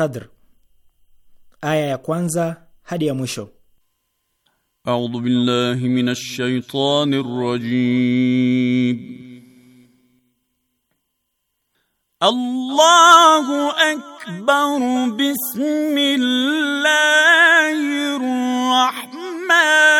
Qadr aya ya kwanza hadi ya mwisho. A'udhu billahi minash shaitanir rajim. الله أكبر بسم الله الرحمن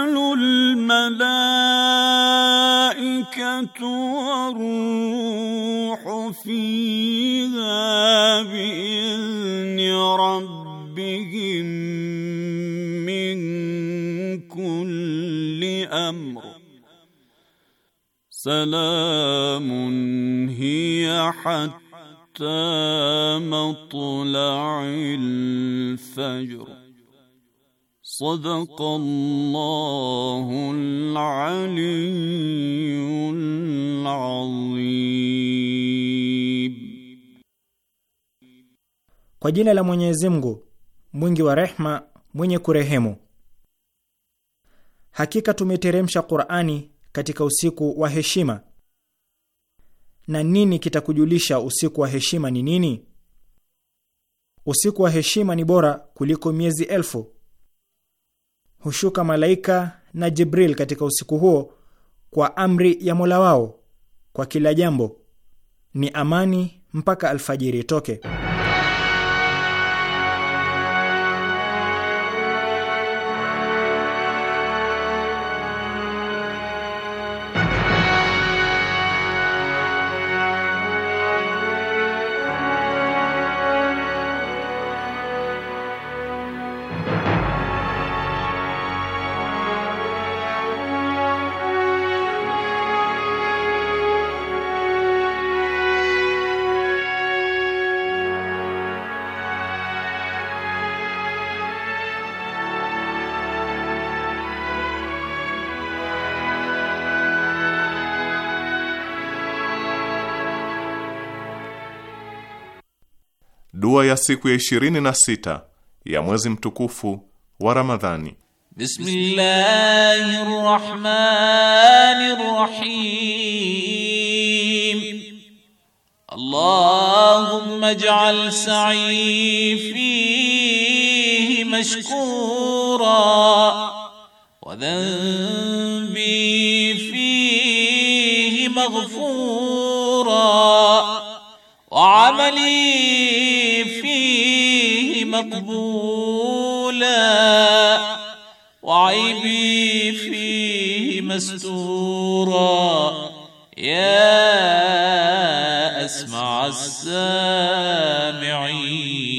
والروح فيها بإذن ربهم من كل أمر سلام هي حتى مطلع الفجر صدق الله العلي العظيم. Kwa jina la Mwenyezi Mungu mwingi wa rehma mwenye kurehemu. Hakika tumeteremsha Qur'ani katika usiku wa heshima. Na nini kitakujulisha usiku wa heshima ni nini? Usiku wa heshima ni bora kuliko miezi elfu hushuka malaika na Jibril katika usiku huo kwa amri ya Mola wao kwa kila jambo. Ni amani mpaka alfajiri itoke. ilikuwa ya siku ya ishirini na sita ya mwezi mtukufu wa Ramadhani. Bismillahir Rahmanir Rahim. Allahumma ij'al sa'i fihi mashkura wa dhanbi مقبولا وعيبي فيه مستورا يا اسمع السامعين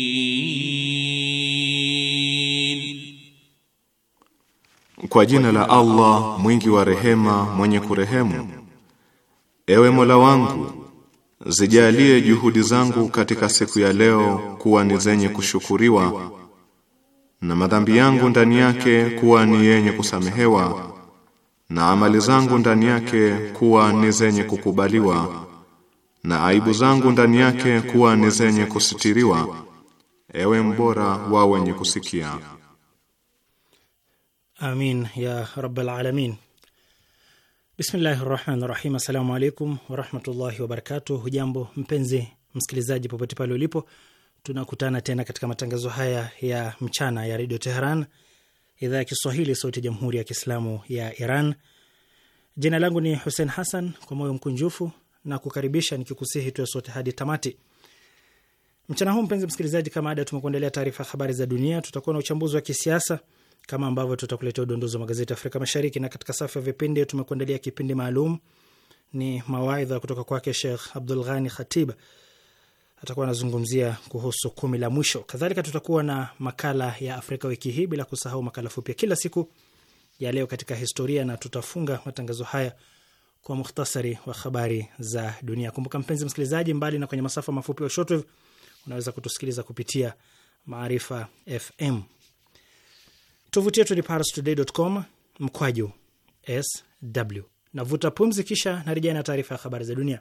Kwa jina la Allah mwingi wa rehema mwenye kurehemu Ewe Mola wangu zijalie juhudi zangu katika siku ya leo kuwa ni zenye kushukuriwa na madhambi yangu ndani yake kuwa ni yenye kusamehewa na amali zangu ndani yake kuwa ni zenye kukubaliwa na aibu zangu ndani yake kuwa ni zenye kusitiriwa ewe mbora wa wenye kusikia amin ya rabbal alamin Bismillahi rahmani rahim. Assalamu alaikum warahmatullahi wabarakatu Hujambo mpenzi msikilizaji, popote pale ulipo, tunakutana tena katika matangazo haya ya mchana ya redio Teheran, idhaa ya Kiswahili, sauti ya jamhuri ya kiislamu ya Iran. Jina langu ni Hussein Hassan, kwa moyo mkunjufu na kukaribisha nikikusihi tuwe sote hadi tamati mchana huu. Mpenzi msikilizaji, kama ada, tumekuandalia taarifa habari za dunia, tutakuwa na uchambuzi wa kisiasa kama ambavyo tutakuletea udondozi wa magazeti ya Afrika Mashariki, na katika safu ya vipindi tumekuandalia kipindi maalum ni mawaidha kutoka kwake Sheikh Abdul Ghani Khatib, atakuwa anazungumzia kuhusu kumi la mwisho. Kadhalika tutakuwa na makala ya Afrika wiki hii, bila kusahau makala fupi ya kila siku ya leo katika historia, na tutafunga matangazo haya kwa muhtasari wa habari za dunia. Kumbuka mpenzi msikilizaji, mbali na kwenye masafa mafupi ya shortwave, unaweza kutusikiliza kupitia Maarifa FM. Tovuti yetu ni parstoday.com mkwaju sw. Navuta pumzi, kisha narejea na taarifa ya habari za dunia.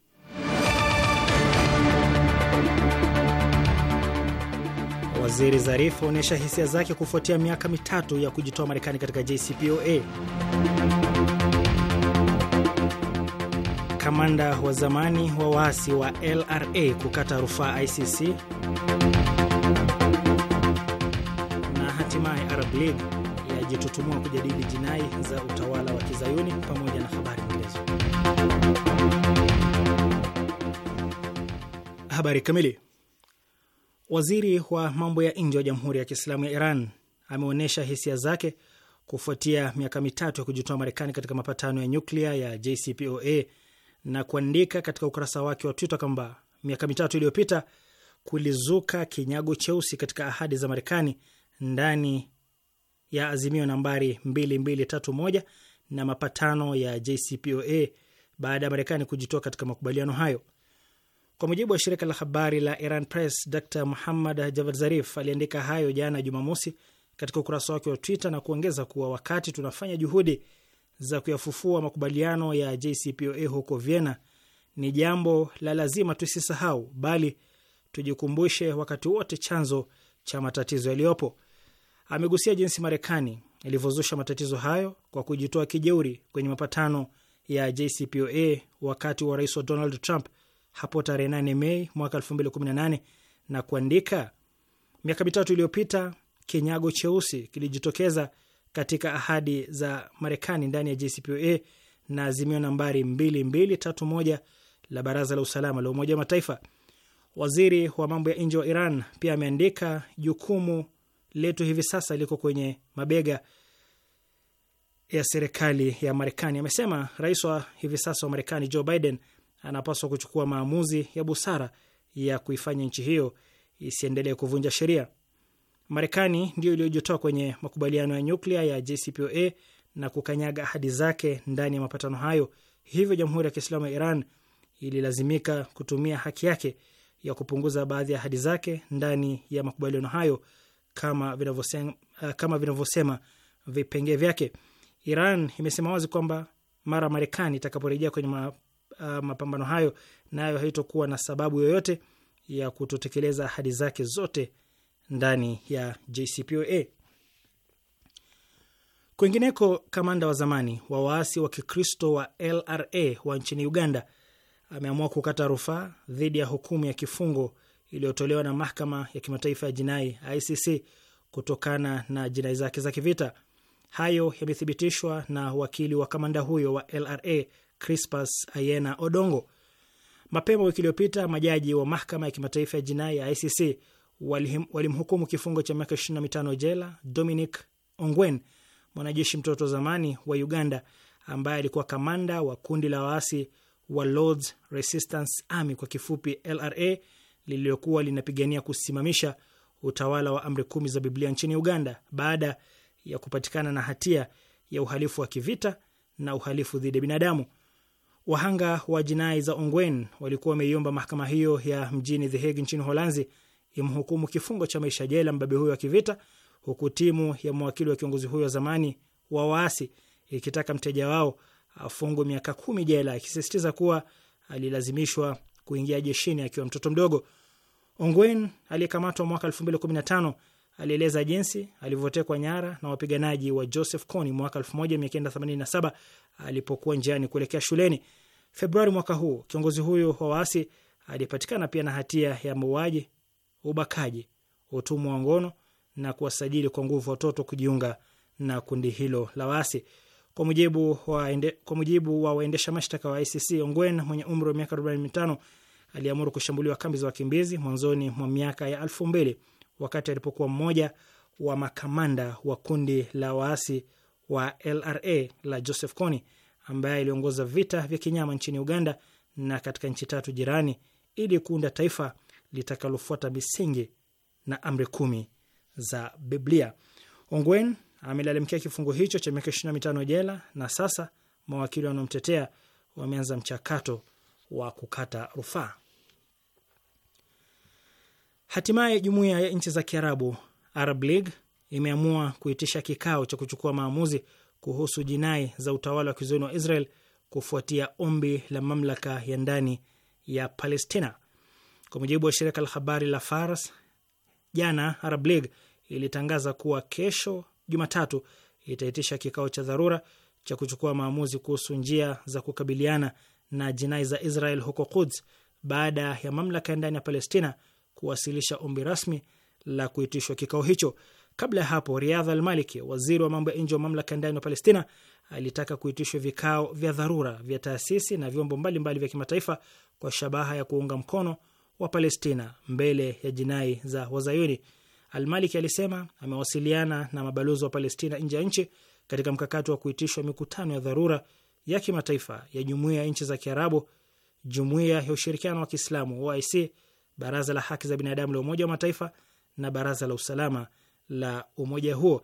Waziri Zarif aonyesha hisia zake kufuatia miaka mitatu ya kujitoa Marekani katika JCPOA. Kamanda wa zamani wa waasi wa LRA kukata rufaa ICC, na hatimaye Arab League yajitutumua kujadili jinai za utawala wa Kizayuni, pamoja na habari nyinginezo. Habari kamili Waziri wa mambo ya nje wa Jamhuri ya Kiislamu ya Iran ameonyesha hisia zake kufuatia miaka mitatu ya kujitoa Marekani katika mapatano ya nyuklia ya JCPOA na kuandika katika ukurasa wake wa Twitter kwamba miaka mitatu iliyopita kulizuka kinyago cheusi katika ahadi za Marekani ndani ya azimio nambari 2231 na mapatano ya JCPOA baada ya Marekani kujitoa katika makubaliano hayo. Kwa mujibu wa shirika la habari la Iran Press, Dr Muhammad Javad Zarif aliandika hayo jana Jumamosi katika ukurasa wake wa Twitter na kuongeza kuwa wakati tunafanya juhudi za kuyafufua makubaliano ya JCPOA huko Vienna, ni jambo la lazima tusisahau, bali tujikumbushe wakati wote chanzo cha matatizo yaliyopo. Amegusia jinsi Marekani ilivyozusha matatizo hayo kwa kujitoa kijeuri kwenye mapatano ya JCPOA wakati wa rais wa Donald Trump hapo tarehe 8 Mei mwaka 2018 na kuandika, miaka mitatu iliyopita kinyago cheusi kilijitokeza katika ahadi za Marekani ndani ya JCPOA na azimio nambari 2231 la Baraza la Usalama la Umoja wa Mataifa. Waziri wa mambo ya nje wa Iran pia ameandika, jukumu letu hivi sasa liko kwenye mabega ya serikali ya Marekani. Amesema rais wa hivi sasa wa Marekani Joe Biden anapaswa kuchukua maamuzi ya busara ya kuifanya nchi hiyo isiendelee kuvunja sheria. Marekani ndiyo iliyojitoa kwenye makubaliano ya nyuklia ya JCPOA na kukanyaga ahadi zake ndani ya mapatano hayo, hivyo Jamhuri ya Kiislamu ya Iran ililazimika kutumia haki yake ya kupunguza baadhi ya ahadi zake ndani ya makubaliano hayo kama vinavyosema, kama vinavyosema vipengee vyake. Iran imesema wazi kwamba mara Marekani itakaporejea kwenye uh, mapambano hayo nayo haitokuwa na sababu yoyote ya kutotekeleza ahadi zake zote ndani ya JCPOA. Kwingineko, kamanda wa zamani wa waasi wa Kikristo wa LRA wa nchini Uganda ameamua kukata rufaa dhidi ya hukumu ya kifungo iliyotolewa na mahakama ya kimataifa ya jinai ICC kutokana na jinai zake za kivita. Hayo yamethibitishwa na wakili wa kamanda huyo wa LRA Crispas Ayena Odongo. Mapema wiki iliyopita majaji wa mahakama ya kimataifa ya jinai ya ICC walimhukumu kifungo cha miaka 25 jela Dominic Ongwen, mwanajeshi mtoto zamani wa Uganda ambaye alikuwa kamanda wa kundi la waasi wa Lords Resistance Army kwa kifupi LRA lililokuwa linapigania kusimamisha utawala wa amri kumi za Biblia nchini Uganda baada ya kupatikana na hatia ya uhalifu wa kivita na uhalifu dhidi ya binadamu. Wahanga wa jinai za Ongwen walikuwa wameiomba mahakama hiyo ya mjini The Hague nchini Holanzi imhukumu kifungo cha maisha jela mbabe huyo wa kivita, huku timu ya mawakili wa kiongozi huyo wa zamani wa waasi ikitaka mteja wao afungwe miaka kumi jela, ikisisitiza kuwa alilazimishwa kuingia jeshini akiwa mtoto mdogo. Ongwen aliyekamatwa mwaka tano alieleza jinsi alivyotekwa nyara na wapiganaji wa Joseph Kony mwaka 1987 alipokuwa njiani kuelekea shuleni. Februari mwaka huu, kiongozi huyo wa waasi alipatikana pia na hatia ya mauaji, ubakaji, utumwa wa ngono na kuwasajili kwa nguvu watoto kujiunga na kundi hilo la waasi. Kwa mujibu wa ende, kwa mujibu wa waendesha mashtaka wa ICC, Ongwen mwenye umri wa miaka 45 aliamuru kushambuliwa kambi za wakimbizi mwanzoni mwa miaka ya elfu mbili wakati alipokuwa mmoja wa makamanda wa kundi la waasi wa LRA la Joseph Kony ambaye aliongoza vita vya kinyama nchini Uganda na katika nchi tatu jirani ili kuunda taifa litakalofuata misingi na amri kumi za Biblia. Ongwen amelalamikia kifungo hicho cha miaka mitano jela na sasa mawakili wanaomtetea wameanza mchakato wa kukata rufaa. Hatimaye jumuiya ya nchi za Kiarabu, Arab League, imeamua kuitisha kikao cha kuchukua maamuzi kuhusu jinai za utawala wa kizayuni wa Israel kufuatia ombi la mamlaka ya ndani ya Palestina. Kwa mujibu wa shirika la habari la Fars, jana Arab League ilitangaza kuwa kesho Jumatatu itaitisha kikao cha dharura cha kuchukua maamuzi kuhusu njia za kukabiliana na jinai za Israel huko Quds baada ya mamlaka ya ndani ya Palestina kuwasilisha ombi rasmi la kuitishwa kikao hicho. Kabla ya hapo, Riyadh Al Maliki, waziri wa mambo ya nje wa mamlaka ndani wa Palestina, alitaka kuitishwa vikao vya dharura vya taasisi na vyombo mbalimbali vya kimataifa kwa shabaha ya kuunga mkono wa Palestina mbele ya jinai za Wazayuni. Al Maliki alisema amewasiliana na mabalozi wa Palestina nje ya nchi katika mkakati wa kuitishwa mikutano ya dharura ya kimataifa ya jumuia ya nchi za Kiarabu, jumuia ya ushirikiano wa Kiislamu OIC baraza la haki za binadamu la Umoja wa Mataifa na baraza la usalama la umoja huo.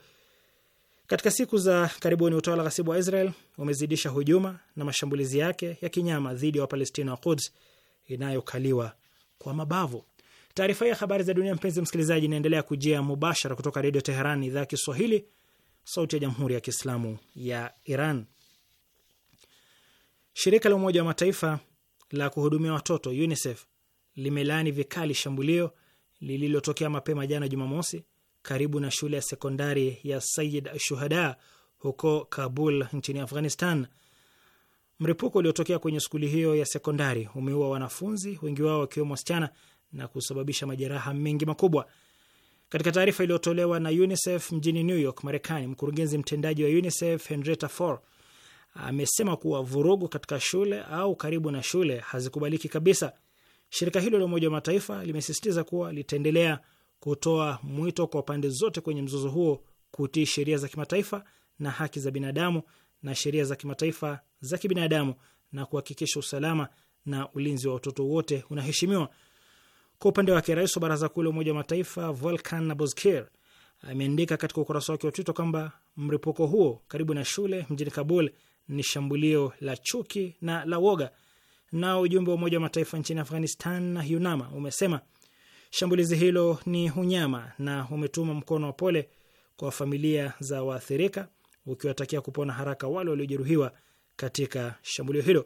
Katika siku za karibuni, utawala ghasibu wa Israel umezidisha hujuma na mashambulizi yake ya kinyama dhidi ya Wapalestina wa Quds inayokaliwa kwa mabavu. Taarifa hii ya habari za dunia, mpenzi msikilizaji, inaendelea kujia mubashara kutoka Redio Teheran, idhaa ya Kiswahili, sauti ya Jamhuri ya Kiislamu ya Iran. Shirika la Umoja wa Mataifa la kuhudumia watoto UNICEF limelaani vikali shambulio lililotokea mapema jana Jumamosi karibu na shule ya sekondari ya Sayid Shuhada huko Kabul nchini Afghanistan. Mripuko uliotokea kwenye skuli hiyo ya sekondari umeua wanafunzi wengi wao wakiwemo wasichana na kusababisha majeraha mengi makubwa. Katika taarifa iliyotolewa na UNICEF mjini New York, Marekani, mkurugenzi mtendaji wa UNICEF Henrietta Fore amesema kuwa vurugu katika shule au karibu na shule hazikubaliki kabisa. Shirika hilo la Umoja wa Mataifa limesisitiza kuwa litaendelea kutoa mwito kwa pande zote kwenye mzozo huo kutii sheria za kimataifa na haki za binadamu na sheria za kimataifa za kibinadamu na kuhakikisha usalama na ulinzi wa watoto wote unaheshimiwa. Kwa upande wake, rais wa Baraza Kuu la Umoja wa Mataifa Volkan Nabozkir ameandika katika ukurasa wake wa Twitter kwamba mripuko huo karibu na shule mjini Kabul ni shambulio la chuki na la woga na ujumbe wa Umoja wa Mataifa nchini Afghanistan na YUNAMA umesema shambulizi hilo ni unyama na umetuma mkono wa pole kwa familia za waathirika ukiwatakia kupona haraka wale waliojeruhiwa katika shambulio hilo.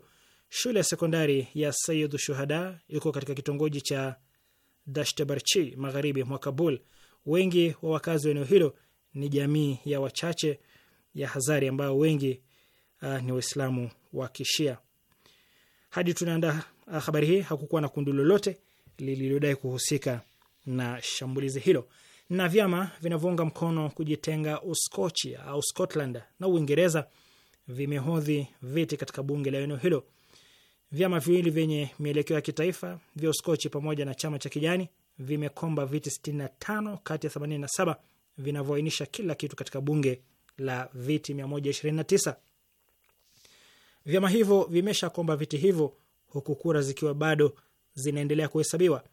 Shule ya sekondari ya Sayyidu Shuhada iko katika kitongoji cha Dashtebarchi magharibi mwa Kabul. Wengi wa wakazi wa eneo hilo ni jamii ya wachache ya Hazari ambao wengi uh, ni Waislamu wa Kishia. Hadi tunaandaa ah, habari hii, hakukuwa na kundi lolote lililodai kuhusika na shambulizi hilo. Na vyama vinavyounga mkono kujitenga Uskochi au Scotland na Uingereza vimehodhi viti katika bunge la eneo hilo. Vyama viwili vyenye mielekeo ya kitaifa vya Uskochi pamoja na chama cha kijani vimekomba viti 65 kati ya 87 vinavyoainisha kila kitu katika bunge la viti 129. Vyama hivyo vimeshakomba viti hivyo huku kura zikiwa bado zinaendelea kuhesabiwa.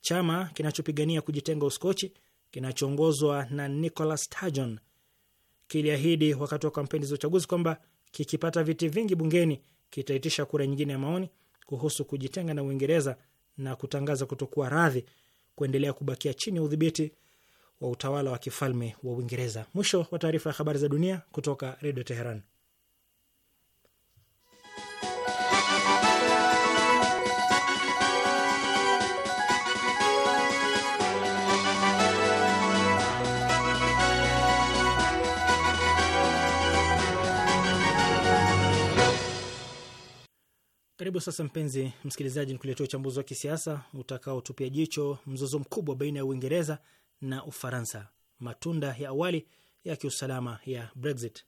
Chama kinachopigania kujitenga Uskochi kinachoongozwa na Nicola Sturgeon kiliahidi wakati wa kampeni za uchaguzi kwamba kikipata viti vingi bungeni kitaitisha kura nyingine ya maoni kuhusu kujitenga na Uingereza na kutangaza kutokuwa radhi kuendelea kubakia chini ya udhibiti wa utawala wa kifalme wa Uingereza. Mwisho wa taarifa ya habari za dunia kutoka Redio Teheran. Karibu sasa, mpenzi msikilizaji, ni kuletea uchambuzi wa kisiasa utakaotupia jicho mzozo mkubwa baina ya Uingereza na Ufaransa, matunda ya awali ya kiusalama ya Brexit.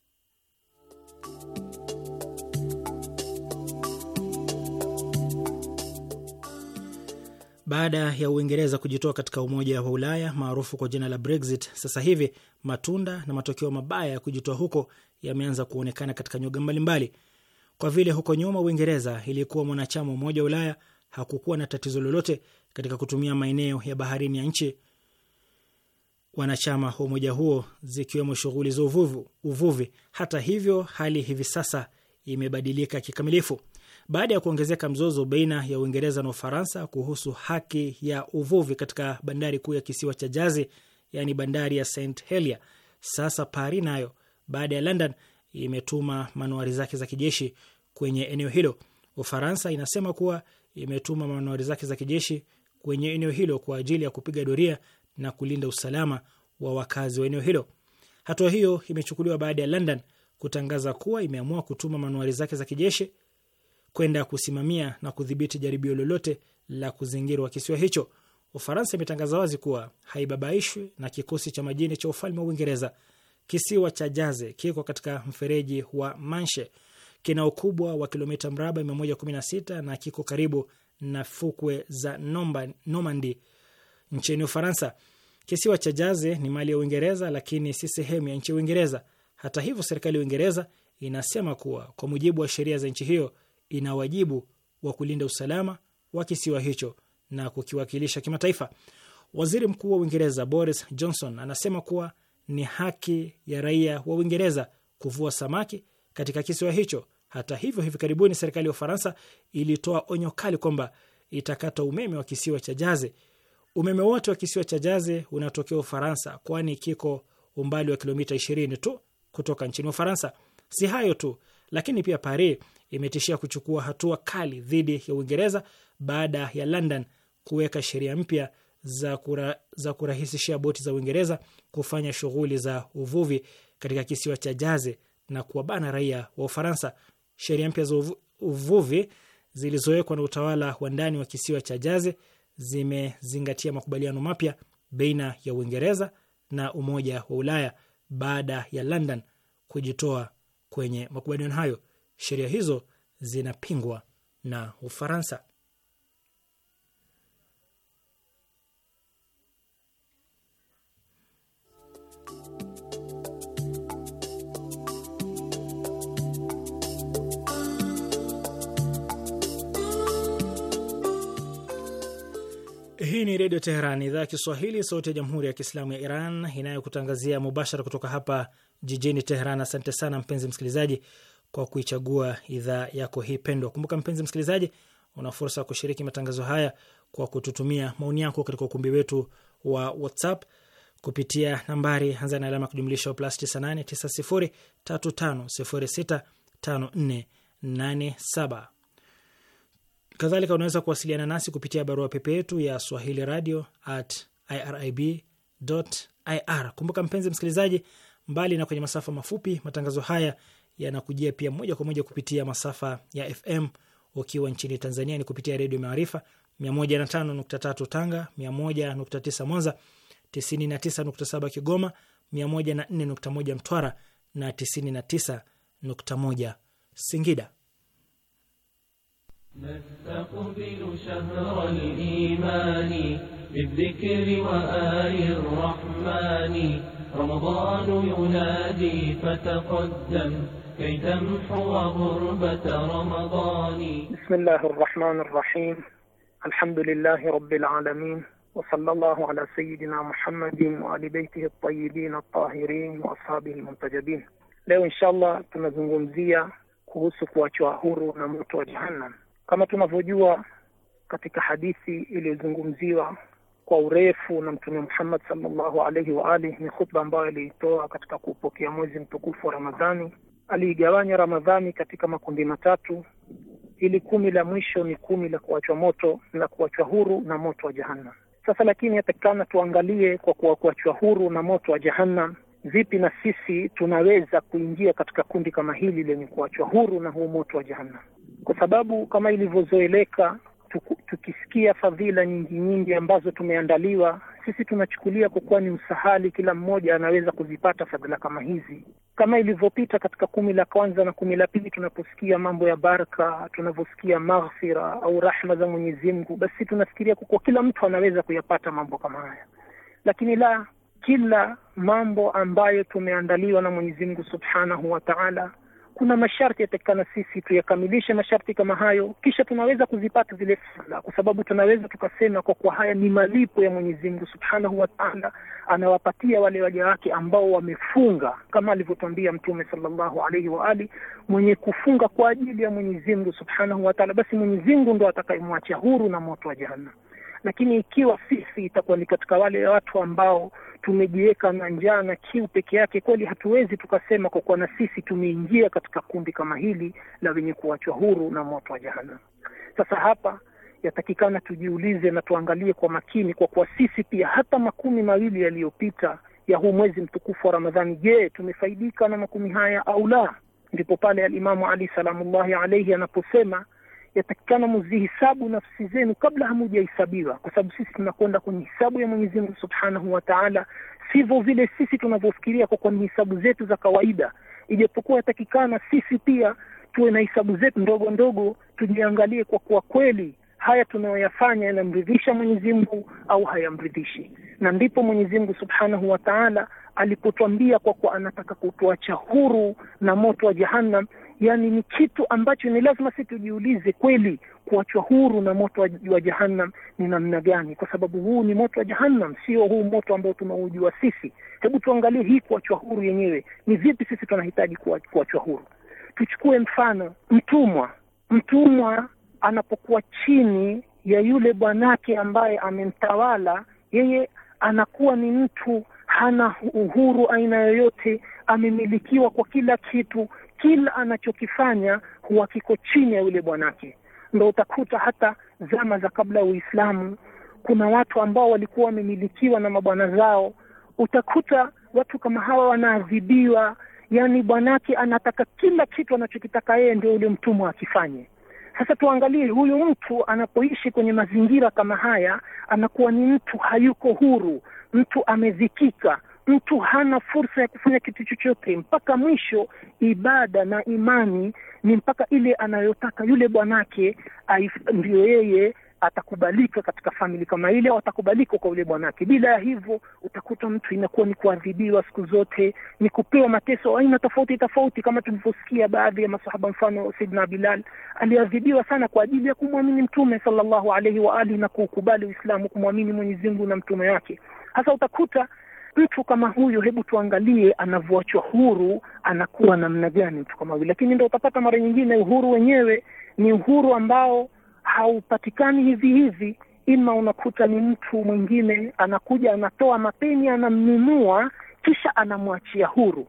Baada ya Uingereza kujitoa katika Umoja wa Ulaya maarufu kwa jina la Brexit, sasa hivi matunda na matokeo mabaya ya kujitoa huko yameanza kuonekana katika nyuga mbalimbali mbali kwa vile huko nyuma Uingereza ilikuwa mwanachama mmoja wa Ulaya, hakukuwa na tatizo lolote katika kutumia maeneo ya baharini ya nchi wanachama wa umoja huo zikiwemo shughuli za uvuvi, uvuvi. Hata hivyo, hali hivi sasa imebadilika kikamilifu baada ya kuongezeka mzozo baina ya Uingereza na Ufaransa kuhusu haki ya uvuvi katika bandari kuu ya kisiwa cha Jazi, yaani bandari ya St Helier. Sasa Paris nayo baada ya London imetuma manuari zake za kijeshi kwenye eneo hilo. Ufaransa inasema kuwa imetuma manuari zake za kijeshi kwenye eneo hilo kwa ajili ya kupiga doria na kulinda usalama wa wakazi wa eneo hilo. Hatua hiyo imechukuliwa baada ya London kutangaza kuwa imeamua kutuma manuari zake za kijeshi kwenda kusimamia na kudhibiti jaribio lolote la kuzingirwa kisiwa hicho. Ufaransa imetangaza wazi kuwa haibabaishwi na kikosi cha majini cha ufalme wa Uingereza Kisiwa cha Jaze kiko katika mfereji wa Manshe, kina ukubwa wa kilomita mraba 116 na kiko karibu na fukwe za Normandy nchini Ufaransa. Kisiwa cha Jaze ni mali ya Uingereza, lakini si sehemu ya nchi ya Uingereza. Hata hivyo, serikali ya Uingereza inasema kuwa kwa mujibu wa sheria za nchi hiyo ina wajibu wa kulinda usalama wa kisiwa hicho na kukiwakilisha kimataifa. Waziri Mkuu wa Uingereza Boris Johnson anasema kuwa ni haki ya raia wa Uingereza kuvua samaki katika kisiwa hicho. Hata hivyo, hivi karibuni serikali ya Ufaransa ilitoa onyo kali kwamba itakata umeme wa kisiwa cha Jaze. Umeme wote wa kisiwa cha Jaze unatokea Ufaransa, kwani kiko umbali wa kilomita 20 tu kutoka nchini Ufaransa. Si hayo tu, lakini pia Paris imetishia kuchukua hatua kali dhidi ya Uingereza baada ya London kuweka sheria mpya za, kura, za kurahisishia boti za Uingereza kufanya shughuli za uvuvi katika kisiwa cha Jaze na kuwabana raia wa Ufaransa. Sheria mpya za uvuvi zilizowekwa na utawala wa ndani wa kisiwa cha Jaze zimezingatia makubaliano mapya baina ya Uingereza na Umoja wa Ulaya baada ya London kujitoa kwenye makubaliano hayo. Sheria hizo zinapingwa na Ufaransa. Hii ni Redio Teheran, idhaa ya Kiswahili, sauti ya Jamhuri ya Kiislamu ya Iran inayokutangazia mubashara kutoka hapa jijini Teheran. Asante sana mpenzi msikilizaji kwa kuichagua idhaa yako hii pendwa. Kumbuka mpenzi msikilizaji, una fursa ya kushiriki matangazo haya kwa kututumia maoni yako katika ukumbi wetu wa WhatsApp kupitia nambari anza na alama kujumlisha plus 98 9035065487. Kadhalika unaweza kuwasiliana nasi kupitia barua pepe yetu ya swahili radio at ir. Kumbuka mpenzi msikilizaji, mbali na kwenye masafa mafupi, matangazo haya yanakujia pia moja kwa moja kupitia masafa ya FM. Ukiwa nchini Tanzania ni kupitia Redio Maarifa 105.3 Tanga, 101.9 Mwanza, 99.7 Kigoma, 104.1 Mtwara na 99.1 Singida. نستقبل شهر الإيمان بالذكر وآل الرحمن رمضان ينادي فتقدم كي تمحو غربة رمضان بسم الله الرحمن الرحيم الحمد لله رب العالمين وصلى الله على سيدنا محمد وآل بيته الطيبين الطاهرين وأصحابه المنتجبين. Leo ان شاء kuhusu kuachwa huru na moto wa Jahannam. Kama tunavyojua katika hadithi iliyozungumziwa kwa urefu na Mtume Muhammad sallallahu alaihi wa alihi, ni khutba ambayo aliitoa katika kupokea mwezi mtukufu wa Ramadhani. Aliigawanya Ramadhani katika makundi matatu, ili kumi la mwisho ni kumi la kuachwa moto, la kuachwa huru na moto wa Jahannam. Sasa lakini yatakikana tuangalie kwa kuwa kuachwa huru na moto wa Jahannam, vipi na sisi tunaweza kuingia katika kundi kama hili lenye kuachwa huru na huu moto wa Jahannam? kwa sababu kama ilivyozoeleka tukisikia fadhila nyingi nyingi ambazo tumeandaliwa sisi tunachukulia kwa kuwa ni usahali, kila mmoja anaweza kuzipata fadhila kama hizi, kama ilivyopita katika kumi la kwanza na kumi la pili. Tunaposikia mambo ya baraka, tunavyosikia maghfira au rahma za Mwenyezi Mungu, basi tunafikiria kwa kuwa kila mtu anaweza kuyapata mambo kama haya, lakini la, kila mambo ambayo tumeandaliwa na Mwenyezi Mungu subhanahu wa taala kuna masharti yatakikana sisi tuyakamilishe masharti kama hayo, kisha tunaweza kuzipata zile fadhila, kwa sababu tunaweza tukasema kwa kuwa haya ni malipo ya Mwenyezi Mungu subhanahu wa taala, anawapatia wale waja wake ambao wamefunga, kama alivyotwambia Mtume sallallahu alaihi wa ali, mwenye kufunga kwa ajili ya Mwenyezi Mungu subhanahu wa taala, basi Mwenyezi Mungu ndo atakayemwacha huru na moto wa Jahannam. Lakini ikiwa sisi itakuwa ni katika wale watu ambao tumejiweka na njaa na kiu peke yake, kweli hatuwezi tukasema kwa kuwa na sisi tumeingia katika kundi kama hili la wenye kuachwa huru na moto wa jahannam. Sasa hapa yatakikana tujiulize na tuangalie kwa makini, kwa kuwa sisi pia hata makumi mawili yaliyopita ya huu mwezi mtukufu wa Ramadhani, je, tumefaidika na makumi haya au la? Ndipo pale alimamu Ali salamullahi alaihi anaposema yatakikana muzihisabu nafsi zenu kabla hamujahesabiwa, kwa sababu sisi tunakwenda kwenye hisabu ya Mwenyezi Mungu subhanahu wa taala, sivyo vile sisi tunavyofikiria kwa kwa ni hisabu zetu za kawaida, ijapokuwa yatakikana sisi pia tuwe na hisabu zetu ndogo ndogo, tujiangalie kwa kuwa kweli haya tunayoyafanya yanamridhisha Mwenyezi Mungu au hayamridhishi. Na ndipo Mwenyezi Mungu subhanahu wa taala alipotwambia kwa kuwa anataka kutuacha huru na moto wa Jahannam yani ni kitu ambacho ni lazima si tujiulize kweli kuachwa huru na moto wa jahannam ni namna gani kwa sababu huu ni moto wa jahannam sio huu moto ambao tunaujua sisi hebu tuangalie hii kuachwa huru yenyewe ni vipi sisi tunahitaji kuachwa huru tuchukue mfano mtumwa mtumwa anapokuwa chini ya yule bwanake ambaye amemtawala yeye anakuwa ni mtu hana uhuru aina yoyote amemilikiwa kwa kila kitu kila anachokifanya huwa kiko chini ya yule bwanake. Ndo utakuta hata zama za kabla ya Uislamu kuna watu ambao walikuwa wamemilikiwa na mabwana zao. Utakuta watu kama hawa wanaadhibiwa, yaani bwanake anataka kila kitu anachokitaka yeye ndio yule mtumwa akifanye. Sasa tuangalie huyu mtu anapoishi kwenye mazingira kama haya, anakuwa ni mtu hayuko huru, mtu amedhikika, mtu hana fursa ya kufanya kitu chochote mpaka mwisho. Ibada na imani ni mpaka ile anayotaka yule bwanake ndiyo yeye atakubalika katika famili kama ile, au atakubalika kwa yule bwanake. Bila ya hivyo, utakuta mtu inakuwa ni kuadhibiwa siku zote, ni kupewa mateso aina tofauti tofauti, kama tulivyosikia baadhi ya masahaba. Mfano, Sidna Bilal aliadhibiwa sana kwa ajili ya kumwamini Mtume sallallahu alaihi wa alihi na kuukubali Uislamu, kumwamini Mwenyezi Mungu na mtume wake. Hasa utakuta mtu kama huyu, hebu tuangalie anavyoachwa huru, anakuwa namna gani mtu kama huyu. Lakini ndo utapata mara nyingine uhuru wenyewe ni uhuru ambao haupatikani hivi hivi. Ima unakuta ni mtu mwingine anakuja, anatoa mapeni, anamnunua, kisha anamwachia huru.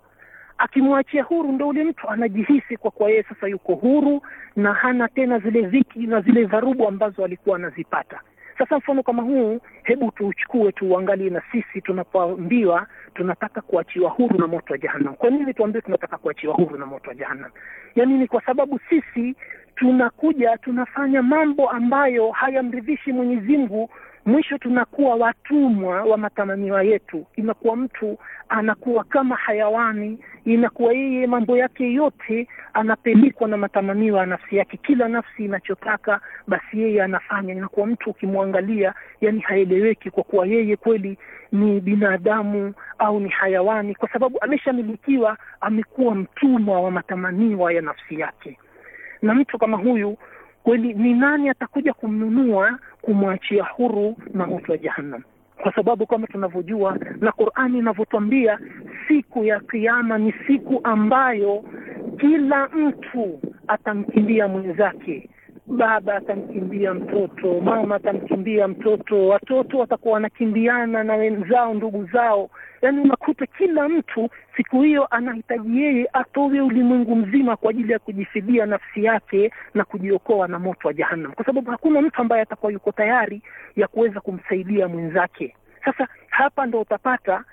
Akimwachia huru, ndo ule mtu anajihisi kwa kwa yeye sasa yuko huru na hana tena zile dhiki na zile dharubu ambazo alikuwa anazipata. Sasa mfano kama huu, hebu tuuchukue tuuangalie, na sisi tunapoambiwa tunataka kuachiwa huru na moto wa Jahannam. Kwa nini tuambiwe tunataka kuachiwa huru na moto wa Jahannam? Yaani ni kwa sababu sisi tunakuja tunafanya mambo ambayo hayamridhishi Mwenyezi Mungu Mwisho tunakuwa watumwa wa matamanio yetu, inakuwa mtu anakuwa kama hayawani, inakuwa yeye mambo yake yote anapelekwa na matamanio ya nafsi yake. Kila nafsi inachotaka basi yeye anafanya. Inakuwa mtu ukimwangalia, yani haeleweki kwa kuwa yeye kweli ni binadamu au ni hayawani, kwa sababu ameshamilikiwa, amekuwa mtumwa wa matamanio ya nafsi yake, na mtu kama huyu kweli ni nani atakuja kumnunua kumwachia huru na moto wa jahannam kwa sababu kama tunavyojua na qurani inavyotwambia siku ya kiama ni siku ambayo kila mtu atamkimbia mwenzake baba atamkimbia mtoto, mama atamkimbia mtoto, watoto watakuwa wanakimbiana na wenzao, ndugu zao. Yaani unakuta kila mtu siku hiyo anahitaji yeye atowe ulimwengu mzima kwa ajili ya kujifidia nafsi yake na kujiokoa na moto wa Jahannam, kwa sababu hakuna mtu ambaye atakuwa yuko tayari ya kuweza kumsaidia mwenzake. Sasa hapa ndo utapata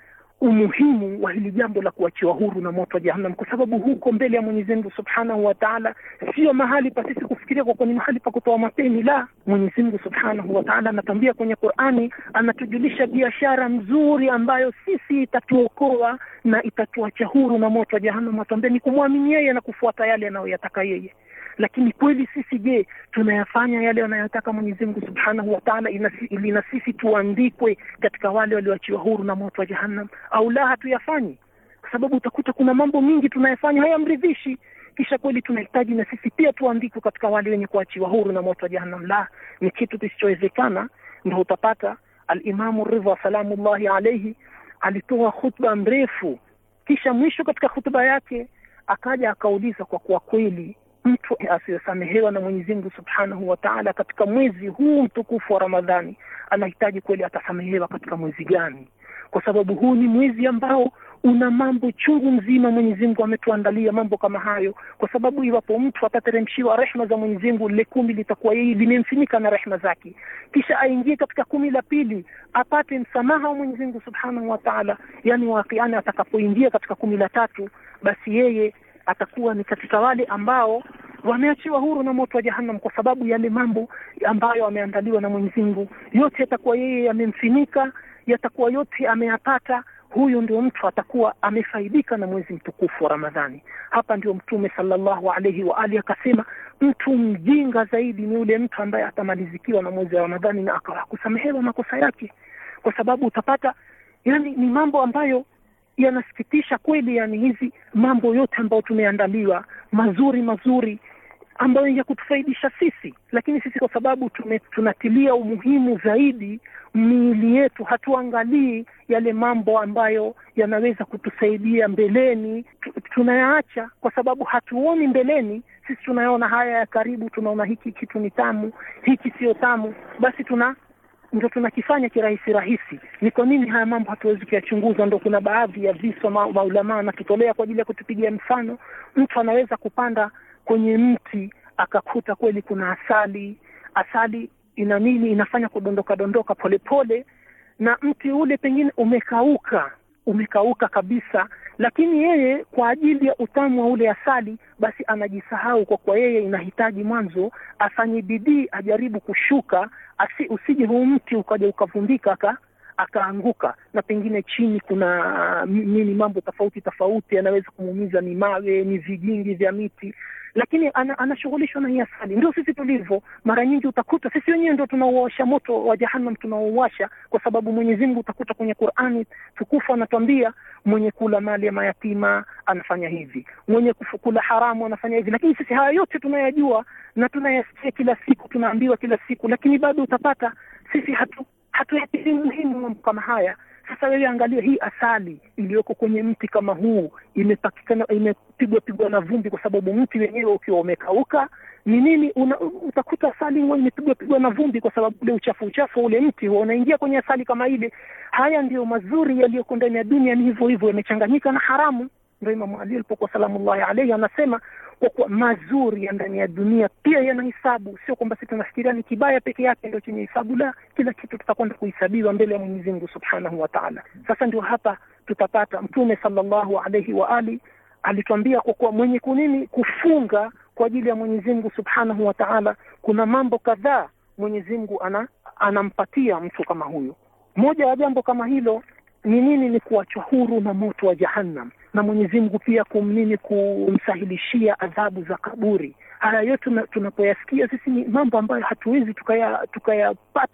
umuhimu wa hili jambo la kuachiwa huru na moto wa Jahannam, kwa sababu huko mbele ya Mwenyezi Mungu subhanahu wa taala sio mahali pa sisi kufikiria kwa ni mahali pa kutoa mateni La, Mwenyezi Mungu subhanahu wa taala anatambia kwenye Qurani, anatujulisha biashara mzuri ambayo sisi itatuokoa na itatuacha huru na moto wa Jahannam. Atambia ni kumwamini yeye na kufuata yale anayoyataka yeye. Lakini kweli sisi, je, tunayafanya yale anayotaka Mwenyezi Mungu subhanahu wa taala, ili na sisi tuandikwe katika wale walioachiwa huru na moto wa Jahannam, au la, hatuyafanyi? Kwa sababu utakuta kuna mambo mingi tunayafanya hayamridhishi, kisha kweli tunahitaji na sisi pia tuandikwe katika wale wenye kuachiwa huru na moto wa Jahannam? La, ni kitu kisichowezekana. Ndo utapata Alimamu Ridha salamullahi alaihi alitoa khutba mrefu, kisha mwisho katika khutba yake akaja akauliza, kwa kuwa kweli mtu asiyosamehewa na Mwenyezi Mungu Subhanahu wa Ta'ala katika mwezi huu mtukufu wa Ramadhani, anahitaji kweli atasamehewa katika mwezi gani? Kwa sababu huu ni mwezi ambao una mambo chungu mzima. Mwenyezi Mungu ametuandalia mambo kama hayo, kwa sababu iwapo mtu atateremshiwa rehma za Mwenyezi Mungu, lile kumi litakuwa yeye limemfunika na rehma zake, kisha aingie katika kumi la pili apate msamaha wa Mwenyezi Mungu Subhanahu wa Ta'ala, yani wakiana atakapoingia katika kumi la tatu, basi yeye atakuwa ni katika wale ambao wameachiwa huru na moto wa Jahannam kwa sababu yale mambo ambayo ameandaliwa na Mwenyezi Mungu yote yatakuwa yeye yamemfinika, yatakuwa yote ameyapata. Huyu ndio mtu atakuwa amefaidika na mwezi mtukufu wa Ramadhani. Hapa ndio Mtume sallallahu alaihi wa alihi akasema, mtu mjinga zaidi ni yule mtu ambaye atamalizikiwa na mwezi wa Ramadhani na akawa hakusamehewa makosa yake, kwa sababu utapata, yani ni mambo ambayo yanasikitisha kweli, yani hizi mambo yote ambayo tumeandaliwa mazuri mazuri ambayo ya kutufaidisha sisi, lakini sisi kwa sababu tume, tunatilia umuhimu zaidi miili yetu, hatuangalii yale mambo ambayo yanaweza kutusaidia mbeleni, tunayaacha kwa sababu hatuoni mbeleni. Sisi tunayaona haya ya karibu, tunaona hiki kitu ni tamu, hiki siyo tamu, basi tuna ndo tunakifanya kirahisi rahisi. Ni kwa nini haya mambo hatuwezi kuyachunguza? Ndo kuna baadhi ya visa ma, maulamaa wanatutolea kwa ajili ya kutupigia mfano. Mtu anaweza kupanda kwenye mti akakuta kweli kuna asali. Asali ina nini? Inafanya kudondoka dondoka polepole pole, na mti ule pengine umekauka, umekauka kabisa lakini yeye kwa ajili ya utamu wa ule asali basi anajisahau kwa kuwa yeye inahitaji mwanzo afanye bidii ajaribu kushuka asi usije huu mti ukaja ka akaanguka na pengine chini kuna nini, mambo tofauti tofauti anaweza kumuumiza, ni mawe, ni vigingi vya miti, lakini anashughulishwa na hii asali. Ndio sisi tulivyo, mara nyingi utakuta sisi wenyewe ndio tunaowasha moto wa Jahannam, tunaowasha kwa sababu Mwenyezi Mungu utakuta kwenye Qur'ani tukufu anatuambia mwenye kula mali ya mayatima anafanya hivi, mwenye kula haramu anafanya hivi. Lakini sisi haya yote tunayajua na tunayasikia kila siku, tunaambiwa kila siku, lakini bado utapata sisi hatu hatuyatilii muhimu mambo kama haya sasa wewe angalia hii asali iliyoko kwenye mti kama huu imepakikana imepigwa pigwa na vumbi kwa sababu mti wenyewe ukiwa umekauka ni nini utakuta asali huwa imepigwa pigwa na vumbi kwa sababu ule uchafu uchafu ule mti huwa unaingia kwenye asali kama ile haya ndiyo mazuri yaliyoko ndani ya dunia ni hivyo hivyo yamechanganyika na haramu ndo imamu ali alipokuwa salamullahi alaihi anasema kwa kuwa mazuri ya ndani ya dunia pia yana hesabu, sio kwamba sisi tunafikiria ni kibaya peke yake ndio chenye hesabu. La, kila kitu tutakwenda kuhesabiwa mbele ya Mwenyezi Mungu subhanahu wa taala. Sasa ndio hapa tutapata Mtume sallallahu alaihi wa ali alituambia kwa kuwa mwenye kunini kufunga kwa ajili ya Mwenyezi Mungu subhanahu wa taala, kuna mambo kadhaa Mwenyezi Mungu ana anampatia mtu kama huyu. Moja ya jambo kama hilo ni nini ni kuachwa huru na moto wa jahannam na mwenyezi mungu pia kumnini kumsahilishia adhabu za kaburi haya hayo tunapoyasikia sisi ni mambo ambayo hatuwezi tukayapata tukaya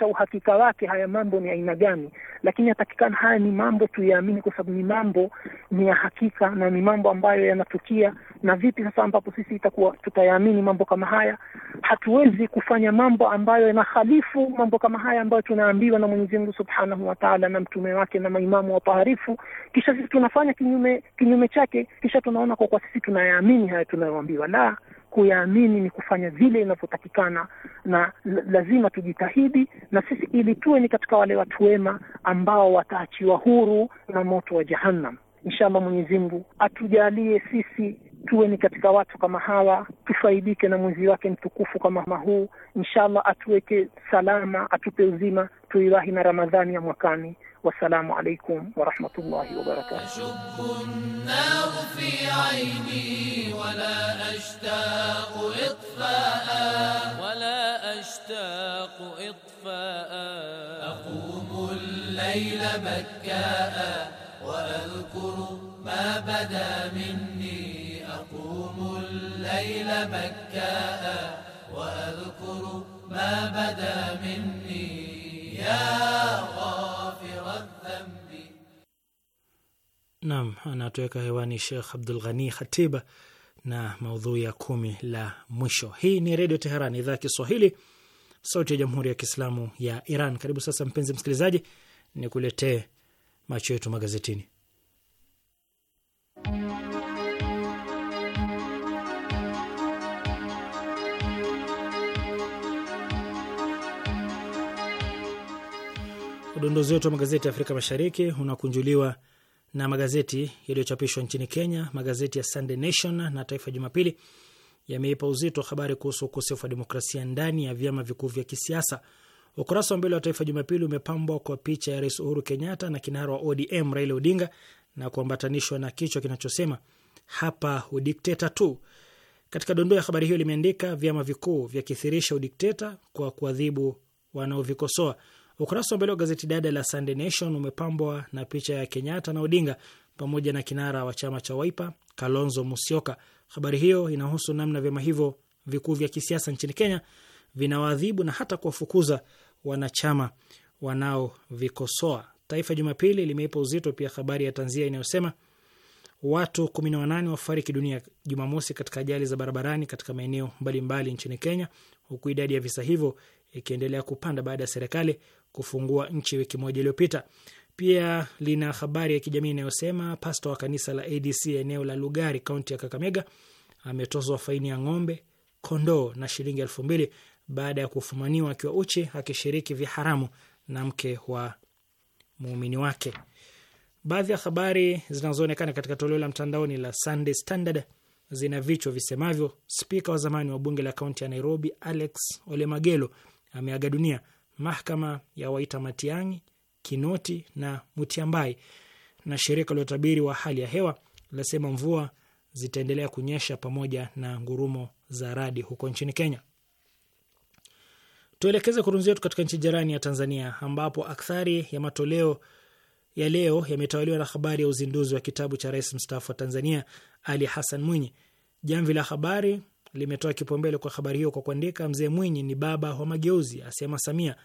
uhakika wake, haya mambo ni aina gani, lakini yatakikana haya ni mambo tuyaamini, kwa sababu ni mambo ni ya hakika na ni mambo ambayo yanatukia. Na vipi sasa ambapo sisi itakuwa tutayaamini mambo kama haya? Hatuwezi kufanya mambo ambayo yanahalifu mambo kama haya ambayo tunaambiwa na mwenyezimngu Subhanahu wataala na mtume wake na maimamu watoharifu, kisha sisi tunafanya kinyume kinyume chake, kisha tunaona kwa kwa sisi tunayaamini haya tunayoambiwa. La, kuyaamini ni kufanya vile inavyotakikana, na lazima tujitahidi na sisi ili tuwe ni katika wale watu wema ambao wataachiwa huru na moto wa Jahannam. Inshallah, Mwenyezi Mungu atujalie sisi tuwe ni katika watu kama hawa, tufaidike na mwezi wake mtukufu kama huu. Inshallah, atuweke salama, atupe uzima, tuiwahi na Ramadhani ya mwakani. والسلام عليكم ورحمة الله وبركاته أشب النار في عيني ولا أشتاق إطفاء ولا أشتاق إطفاء أقوم الليل بكاء وأذكر ما بدا مني أقوم الليل بكاء وأذكر ما بدا مني يا Naam, anatoweka hewani Shekh Abdul Ghani Khatiba na maudhui ya kumi la mwisho. Hii ni Redio Teheran, idhaa ya Kiswahili, sauti ya Jamhuri ya Kiislamu ya Iran. Karibu sasa, mpenzi msikilizaji, ni kuletee macho yetu magazetini. Udondozi wetu wa magazeti ya Afrika Mashariki unakunjuliwa na magazeti yaliyochapishwa nchini Kenya, magazeti ya Sunday Nation na Taifa Jumapili yameipa uzito habari kuhusu ukosefu wa demokrasia ndani ya vyama vikuu vya kisiasa. Ukurasa wa mbele wa Taifa Jumapili umepambwa kwa picha ya Rais Uhuru Kenyatta na kinara wa ODM Raila Odinga na kuambatanishwa na kichwa kinachosema hapa udikteta tu. Katika dondoo ya habari hiyo limeandika vyama vikuu vyakithirisha udikteta kwa kuadhibu wanaovikosoa. Ukurasa wa mbele wa gazeti dada la Sunday Nation umepambwa na picha ya Kenyatta na Odinga pamoja na kinara wa chama cha Wiper Kalonzo Musyoka. Habari hiyo inahusu namna vyama hivyo vikuu vya kisiasa nchini Kenya vinawaadhibu na hata kuwafukuza wanachama wanaovikosoa. Taifa Jumapili limeipa uzito pia habari ya tanzia inayosema watu 18 wafariki dunia Jumamosi katika ajali za barabarani katika maeneo mbalimbali nchini Kenya, huku idadi ya visa hivyo ikiendelea kupanda baada ya serikali kufungua nchi wiki moja iliyopita. Pia lina habari ya kijamii inayosema pasta wa kanisa la ADC eneo la Lugari, kaunti ya Kakamega, ametozwa faini ya ng'ombe, kondoo na shilingi elfu mbili baada ya kufumaniwa akiwa uchi akishiriki viharamu na mke wa muumini wake. Baadhi ya habari zinazoonekana katika toleo la mtandaoni la Sunday Standard zina vichwa visemavyo: spika wa zamani wa bunge la kaunti ya Nairobi Alex Olemagelo ameaga dunia, mahakama ya waita Matiangi, Kinoti na Mutiambai, na shirika la utabiri wa hali ya hewa linasema mvua zitaendelea kunyesha pamoja na ngurumo za radi huko nchini Kenya. Tuelekeze kurunzi yetu katika nchi jirani ya Tanzania, ambapo akthari ya matoleo ya leo yametawaliwa na habari ya uzinduzi wa kitabu cha rais mstaafu wa Tanzania Ali Hassan Mwinyi. Jamvi la Habari limetoa kipaumbele kwa habari hiyo kwa kuandika, Mzee Mwinyi ni baba wa mageuzi, asema Samia,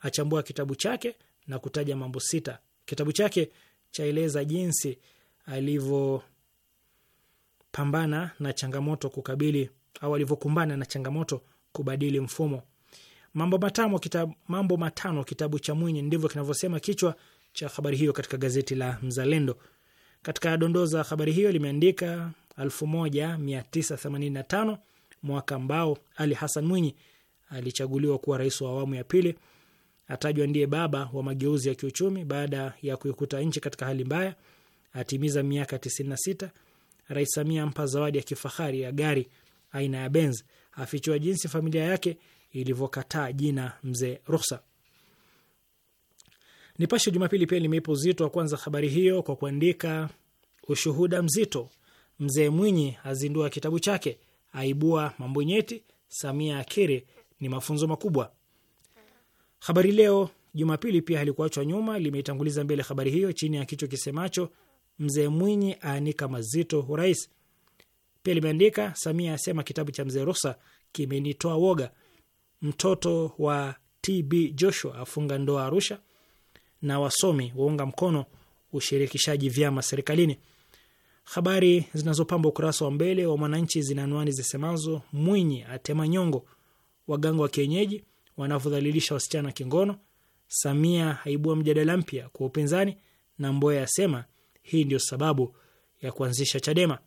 achambua kitabu chake na kutaja mambo sita. Kitabu chake chaeleza jinsi alivyopambana na changamoto kukabili au alivyokumbana na changamoto kubadili mfumo. Mambo matano kitabu, mambo matano kitabu cha Mwinyi, ndivyo kinavyosema kichwa cha habari hiyo katika gazeti la Mzalendo. Katika dondoo za habari hiyo limeandika 1985 mwaka ambao Ali Hassan Mwinyi alichaguliwa kuwa rais wa awamu ya pili, atajwa ndiye baba wa mageuzi ya kiuchumi baada ya kuikuta nchi katika hali mbaya, atimiza miaka 96. Rais Samia ampa zawadi ya kifahari ya gari aina ya Benz, afichua jinsi familia yake ilivyokataa jina mzee ruhusa. Nipashe Jumapili pia limeipa uzito wa kwanza habari hiyo kwa kuandika ushuhuda mzito, mzee Mwinyi azindua kitabu chake, aibua mambo nyeti, Samia akiri ni mafunzo makubwa. Habari Leo Jumapili pia halikuachwa nyuma, limeitanguliza mbele habari hiyo chini ya kichwa kisemacho Mzee Mwinyi aanika mazito urais. Pia limeandika Samia asema kitabu cha Mzee Rusa kimenitoa woga, mtoto wa TB Joshua afunga ndoa Arusha, na wasomi waunga mkono ushirikishaji vyama serikalini. Habari zinazopamba ukurasa wa mbele wa Mwananchi zina anwani zisemazo: Mwinyi atema nyongo, waganga wa kienyeji wanavyodhalilisha wasichana kingono, Samia aibua mjadala mpya kwa upinzani, na Mboya asema hii ndio sababu ya kuanzisha Chadema.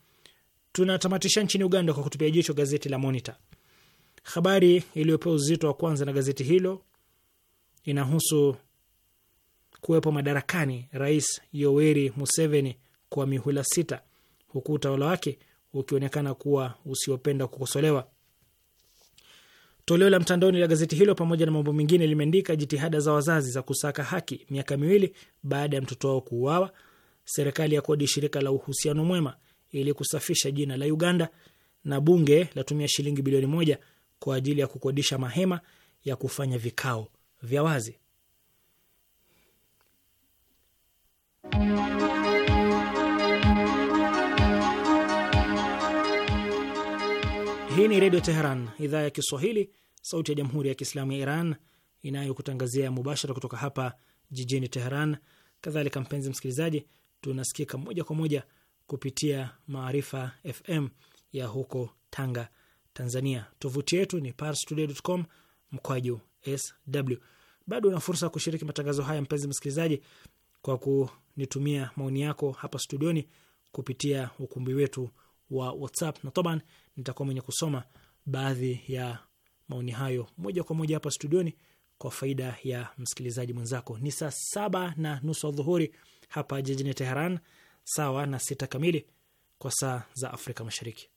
Tunatamatisha nchini Uganda kwa kutupia jicho gazeti la Monitor. Habari iliyopewa uzito wa kwanza na gazeti hilo inahusu kuwepo madarakani Rais Yoweri Museveni kwa mihula sita, huku utawala wake ukionekana kuwa usiopenda kukosolewa. Toleo la mtandaoni la gazeti hilo pamoja na mambo mengine limeandika jitihada za wazazi za kusaka haki miaka miwili baada ya mtoto wao kuuawa, serikali ya kodi shirika la uhusiano mwema ili kusafisha jina la Uganda, na bunge latumia shilingi bilioni moja kwa ajili ya kukodisha mahema ya kufanya vikao vya wazi. Hii ni Redio Teheran, idhaa ya Kiswahili, sauti ya Jamhuri ya Kiislamu ya Iran inayokutangazia mubashara kutoka hapa jijini Teheran. Kadhalika mpenzi msikilizaji, tunasikika moja kwa moja kupitia Maarifa FM ya huko Tanga, Tanzania. Tovuti yetu ni parstoday.com mkwaju sw. Bado una fursa ya kushiriki matangazo haya, mpenzi msikilizaji, kwa kunitumia maoni yako hapa studioni kupitia ukumbi wetu wa WhatsApp na Toban nitakuwa mwenye kusoma baadhi ya maoni hayo moja kwa moja hapa studioni kwa faida ya msikilizaji mwenzako. Ni saa saba na nusu adhuhuri hapa jijini Teheran, sawa na sita kamili kwa saa za Afrika Mashariki.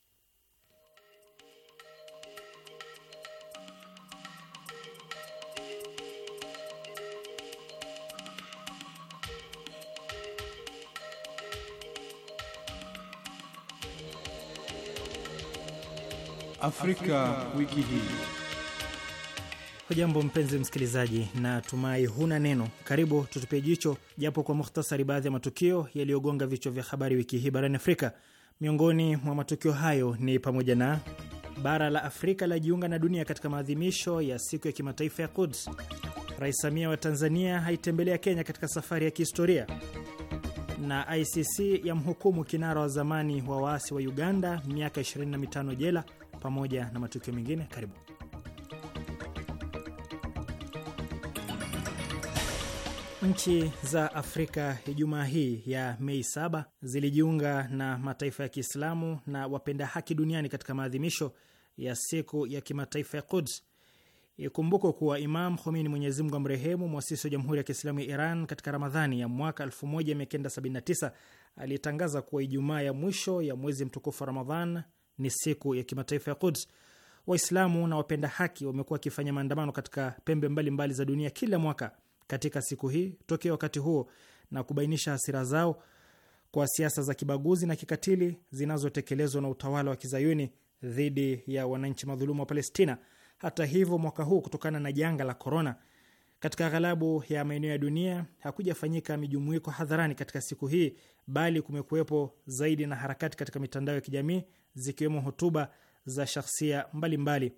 Afrika wiki hii. Hujambo mpenzi msikilizaji, na tumai huna neno. Karibu tutupie jicho japo kwa muhtasari baadhi ya matukio yaliyogonga vichwa vya habari wiki hii barani Afrika. Miongoni mwa matukio hayo ni pamoja na bara la Afrika lajiunga na dunia katika maadhimisho ya siku ya kimataifa ya Quds, Rais Samia wa Tanzania haitembelea Kenya katika safari ya kihistoria na ICC ya mhukumu kinara wa zamani wa waasi wa Uganda miaka 25 jela pamoja na matukio mengine. Karibu. Nchi za Afrika Ijumaa hii ya Mei saba zilijiunga na mataifa ya Kiislamu na wapenda haki duniani katika maadhimisho ya siku ya kimataifa ya Quds. Ikumbukwe kuwa Imam Khomeini, Mwenyezi Mungu amrehemu, mwasisi wa Jamhuri ya Kiislamu ya Iran, katika Ramadhani ya mwaka 1979 alitangaza kuwa Ijumaa ya mwisho ya mwezi mtukufu wa Ramadhan ni siku ya kimataifa ya Quds. Waislamu na wapenda haki wamekuwa wakifanya maandamano katika pembe mbalimbali mbali za dunia kila mwaka katika siku hii tokea wakati huo, na kubainisha hasira zao kwa siasa za kibaguzi na kikatili zinazotekelezwa na utawala wa kizayuni dhidi ya wananchi madhulumu wa Palestina. Hata hivyo, mwaka huu kutokana na janga la korona, katika ghalabu ya maeneo ya dunia hakujafanyika mijumuiko hadharani katika siku hii, bali kumekuwepo zaidi na harakati katika mitandao ya kijamii zikiwemo hotuba za shahsia mbalimbali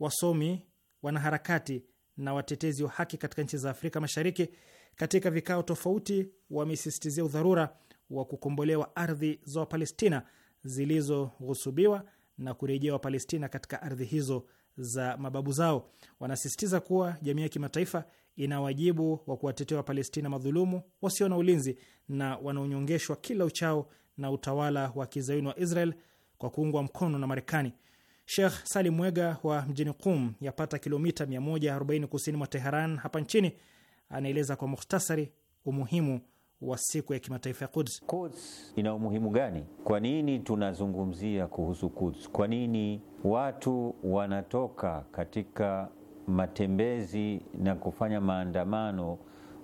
wasomi, wanaharakati na watetezi wa haki katika nchi za Afrika Mashariki. Katika vikao tofauti, wamesisitizia udharura wa kukombolewa ardhi za Wapalestina zilizoghusubiwa na kurejea Wapalestina katika ardhi hizo za mababu zao. Wanasisitiza kuwa jamii ya kimataifa ina wajibu wa kuwatetea Wapalestina madhulumu wasio na ulinzi na wanaonyongeshwa kila uchao na utawala wa kizayuni wa Israel kwa kuungwa mkono na Marekani. Sheikh Salim Mwega wa mjini Qum, yapata kilomita 140 kusini mwa Teheran hapa nchini, anaeleza kwa mukhtasari umuhimu wa siku ya kimataifa ya Quds. Quds ina umuhimu gani? Kwa nini tunazungumzia kuhusu Quds? Kwa nini watu wanatoka katika matembezi na kufanya maandamano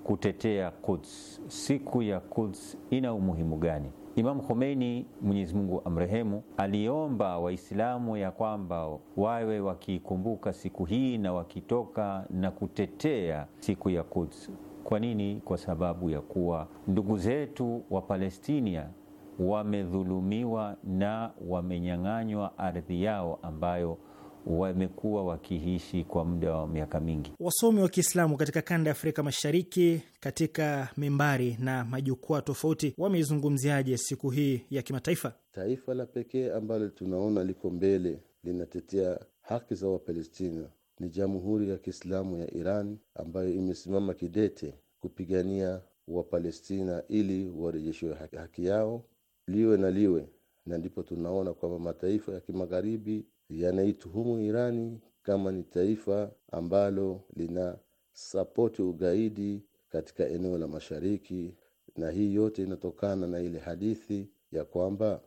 kutetea Quds? Siku ya Quds ina umuhimu gani? Imam Khomeini, Mwenyezi Mungu amrehemu, aliomba Waislamu ya kwamba wawe wakiikumbuka siku hii na wakitoka na kutetea siku ya Quds. Kwa nini? Kwa sababu ya kuwa ndugu zetu wa Palestina wamedhulumiwa na wamenyang'anywa ardhi yao ambayo wamekuwa wakiishi kwa muda wa miaka mingi. Wasomi wa Kiislamu katika kanda ya Afrika Mashariki, katika mimbari na majukwaa tofauti, wameizungumziaje siku hii ya kimataifa? Taifa la pekee ambalo tunaona liko mbele linatetea haki za Wapalestina ni Jamhuri ya Kiislamu ya Iran ambayo imesimama kidete kupigania Wapalestina ili warejeshiwe haki yao liwe na liwe, na ndipo tunaona kwamba mataifa ya kimagharibi yanaituhumu Irani kama ni taifa ambalo lina sapoti ugaidi katika eneo la mashariki, na hii yote inatokana na ile hadithi ya kwamba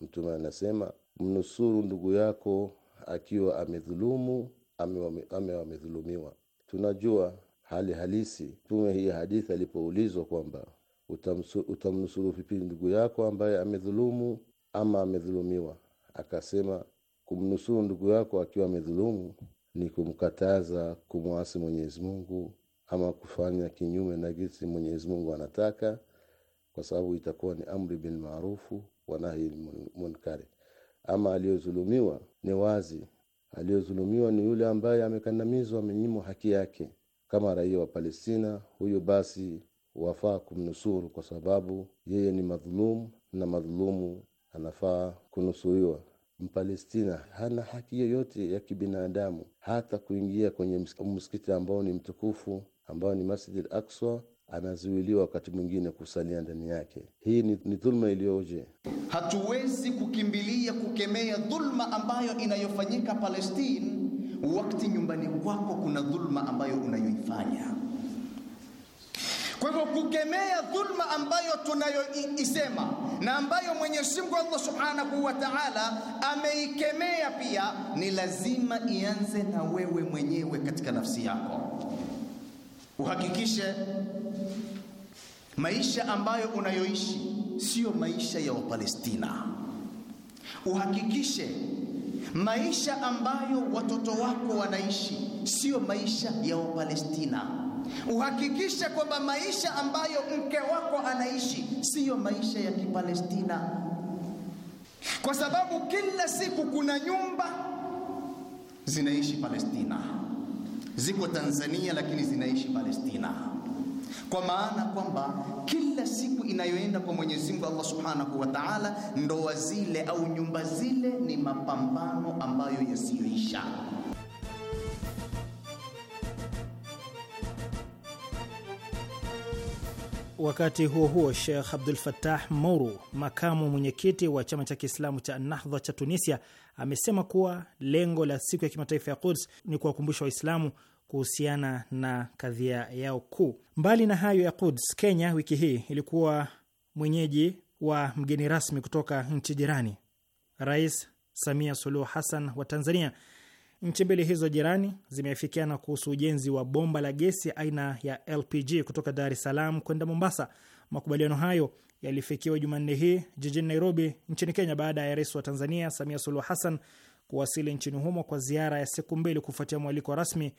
Mtume anasema mnusuru ndugu yako akiwa amedhulumu ame amedhulumiwa. Tunajua hali halisi. Mtume hii hadithi alipoulizwa kwamba utamnusuru vipi ndugu yako ambaye amedhulumu ama amedhulumiwa, akasema Kumnusuru ndugu yako akiwa amedhulumu ni kumkataza kumwasi Mwenyezi Mungu ama kufanya kinyume na jinsi Mwenyezi Mungu anataka, kwa sababu itakuwa ni amri bin maarufu wa nahi munkari. Ama aliyozulumiwa ni wazi, aliyozulumiwa ni yule ambaye amekandamizwa, amenyimwa haki yake, kama raia wa Palestina, huyu basi wafaa kumnusuru, kwa sababu yeye ni madhulumu na madhulumu anafaa kunusuriwa. Mpalestina hana haki yoyote ya kibinadamu hata kuingia kwenye msikiti ambao ni mtukufu ambao ni Masjid al-Aqsa, anazuiliwa wakati mwingine kusalia ndani yake. Hii ni, ni dhulma iliyoje! Hatuwezi kukimbilia kukemea dhulma ambayo inayofanyika Palestine wakati nyumbani kwako kuna dhulma ambayo unayoifanya. Kwa hivyo kukemea dhulma ambayo tunayoisema na ambayo Mwenyezi Mungu Allah Subhanahu wa Ta'ala ameikemea pia ni lazima ianze na wewe mwenyewe katika nafsi yako. Uhakikishe maisha ambayo unayoishi sio maisha ya Wapalestina. Uhakikishe maisha ambayo watoto wako wanaishi sio maisha ya Wapalestina uhakikishe kwamba maisha ambayo mke wako anaishi siyo maisha ya Kipalestina, kwa sababu kila siku kuna nyumba zinaishi Palestina, ziko Tanzania lakini zinaishi Palestina, kwa maana kwamba kila siku inayoenda kwa Mwenyezi Mungu Allah Subhanahu wa Ta'ala, ndoa zile au nyumba zile ni mapambano ambayo yasiyoisha. Wakati huo huo, Sheikh Abdul fatah Mouru, makamu mwenyekiti wa chama cha Kiislamu cha Nahdha cha Tunisia, amesema kuwa lengo la siku ya kimataifa ya Quds ni kuwakumbusha Waislamu kuhusiana na kadhia yao kuu. Mbali na hayo ya Quds, Kenya wiki hii ilikuwa mwenyeji wa mgeni rasmi kutoka nchi jirani, Rais Samia Suluhu Hassan wa Tanzania Nchi mbili hizo jirani zimeafikiana kuhusu ujenzi wa bomba la gesi aina ya LPG kutoka Dar es Salaam kwenda Mombasa. Makubaliano hayo yalifikiwa Jumanne hii jijini Nairobi nchini Kenya baada ya rais wa Tanzania Samia Suluhu Hassan kuwasili nchini humo kwa ziara ya siku mbili kufuatia mwaliko rasmi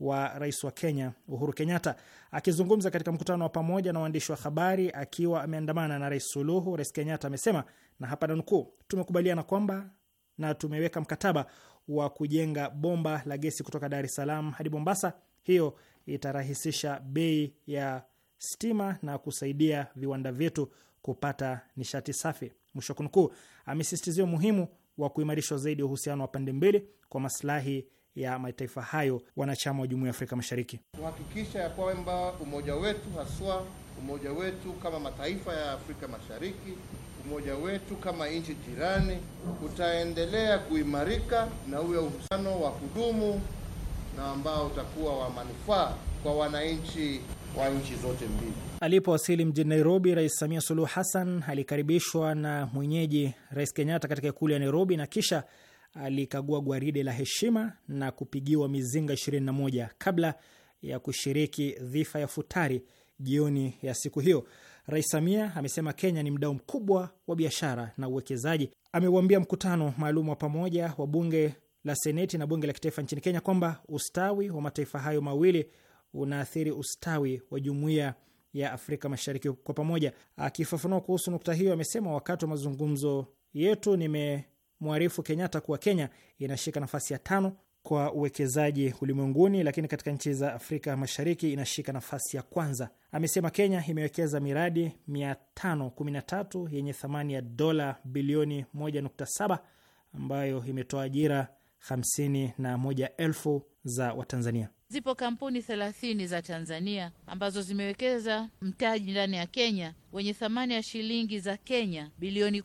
wa rais wa Kenya Uhuru Kenyatta. Akizungumza katika mkutano wa pamoja na waandishi wa habari akiwa ameandamana na rais Suluhu, rais Kenyatta amesema, na hapa nanukuu, tumekubaliana kwamba na tumeweka mkataba wa kujenga bomba la gesi kutoka Dar es Salaam hadi Mombasa. Hiyo itarahisisha bei ya stima na kusaidia viwanda vyetu kupata nishati safi. Mwisho kunukuu. Amesisitiza umuhimu wa kuimarishwa zaidi uhusiano wa pande mbili kwa maslahi ya mataifa hayo wanachama wa Jumuiya ya Afrika Mashariki, kuhakikisha ya kwamba umoja wetu, haswa umoja wetu kama mataifa ya Afrika Mashariki umoja wetu kama nchi jirani utaendelea kuimarika na uwe uhusiano wa kudumu na ambao utakuwa wa manufaa kwa wananchi wa nchi zote mbili. Alipowasili mjini Nairobi, Rais Samia Suluhu Hassan alikaribishwa na mwenyeji Rais Kenyatta katika ikulu ya Nairobi na kisha alikagua gwaride la heshima na kupigiwa mizinga 21 kabla ya kushiriki dhifa ya futari jioni ya siku hiyo. Rais Samia amesema Kenya ni mdau mkubwa wa biashara na uwekezaji. amewambia mkutano maalum wa pamoja wa bunge la seneti na bunge la kitaifa nchini Kenya kwamba ustawi wa mataifa hayo mawili unaathiri ustawi wa jumuiya ya Afrika Mashariki kwa pamoja. Akifafanua kuhusu nukta hiyo, amesema wakati wa mazungumzo yetu nimemwarifu Kenyatta kuwa Kenya inashika nafasi ya tano kwa uwekezaji ulimwenguni, lakini katika nchi za Afrika Mashariki inashika nafasi ya kwanza. Amesema Kenya imewekeza miradi 513 yenye thamani ya dola bilioni 1.7 ambayo imetoa ajira 51,000 za Watanzania. Zipo kampuni 30 za Tanzania ambazo zimewekeza mtaji ndani ya Kenya wenye thamani ya shilingi za Kenya bilioni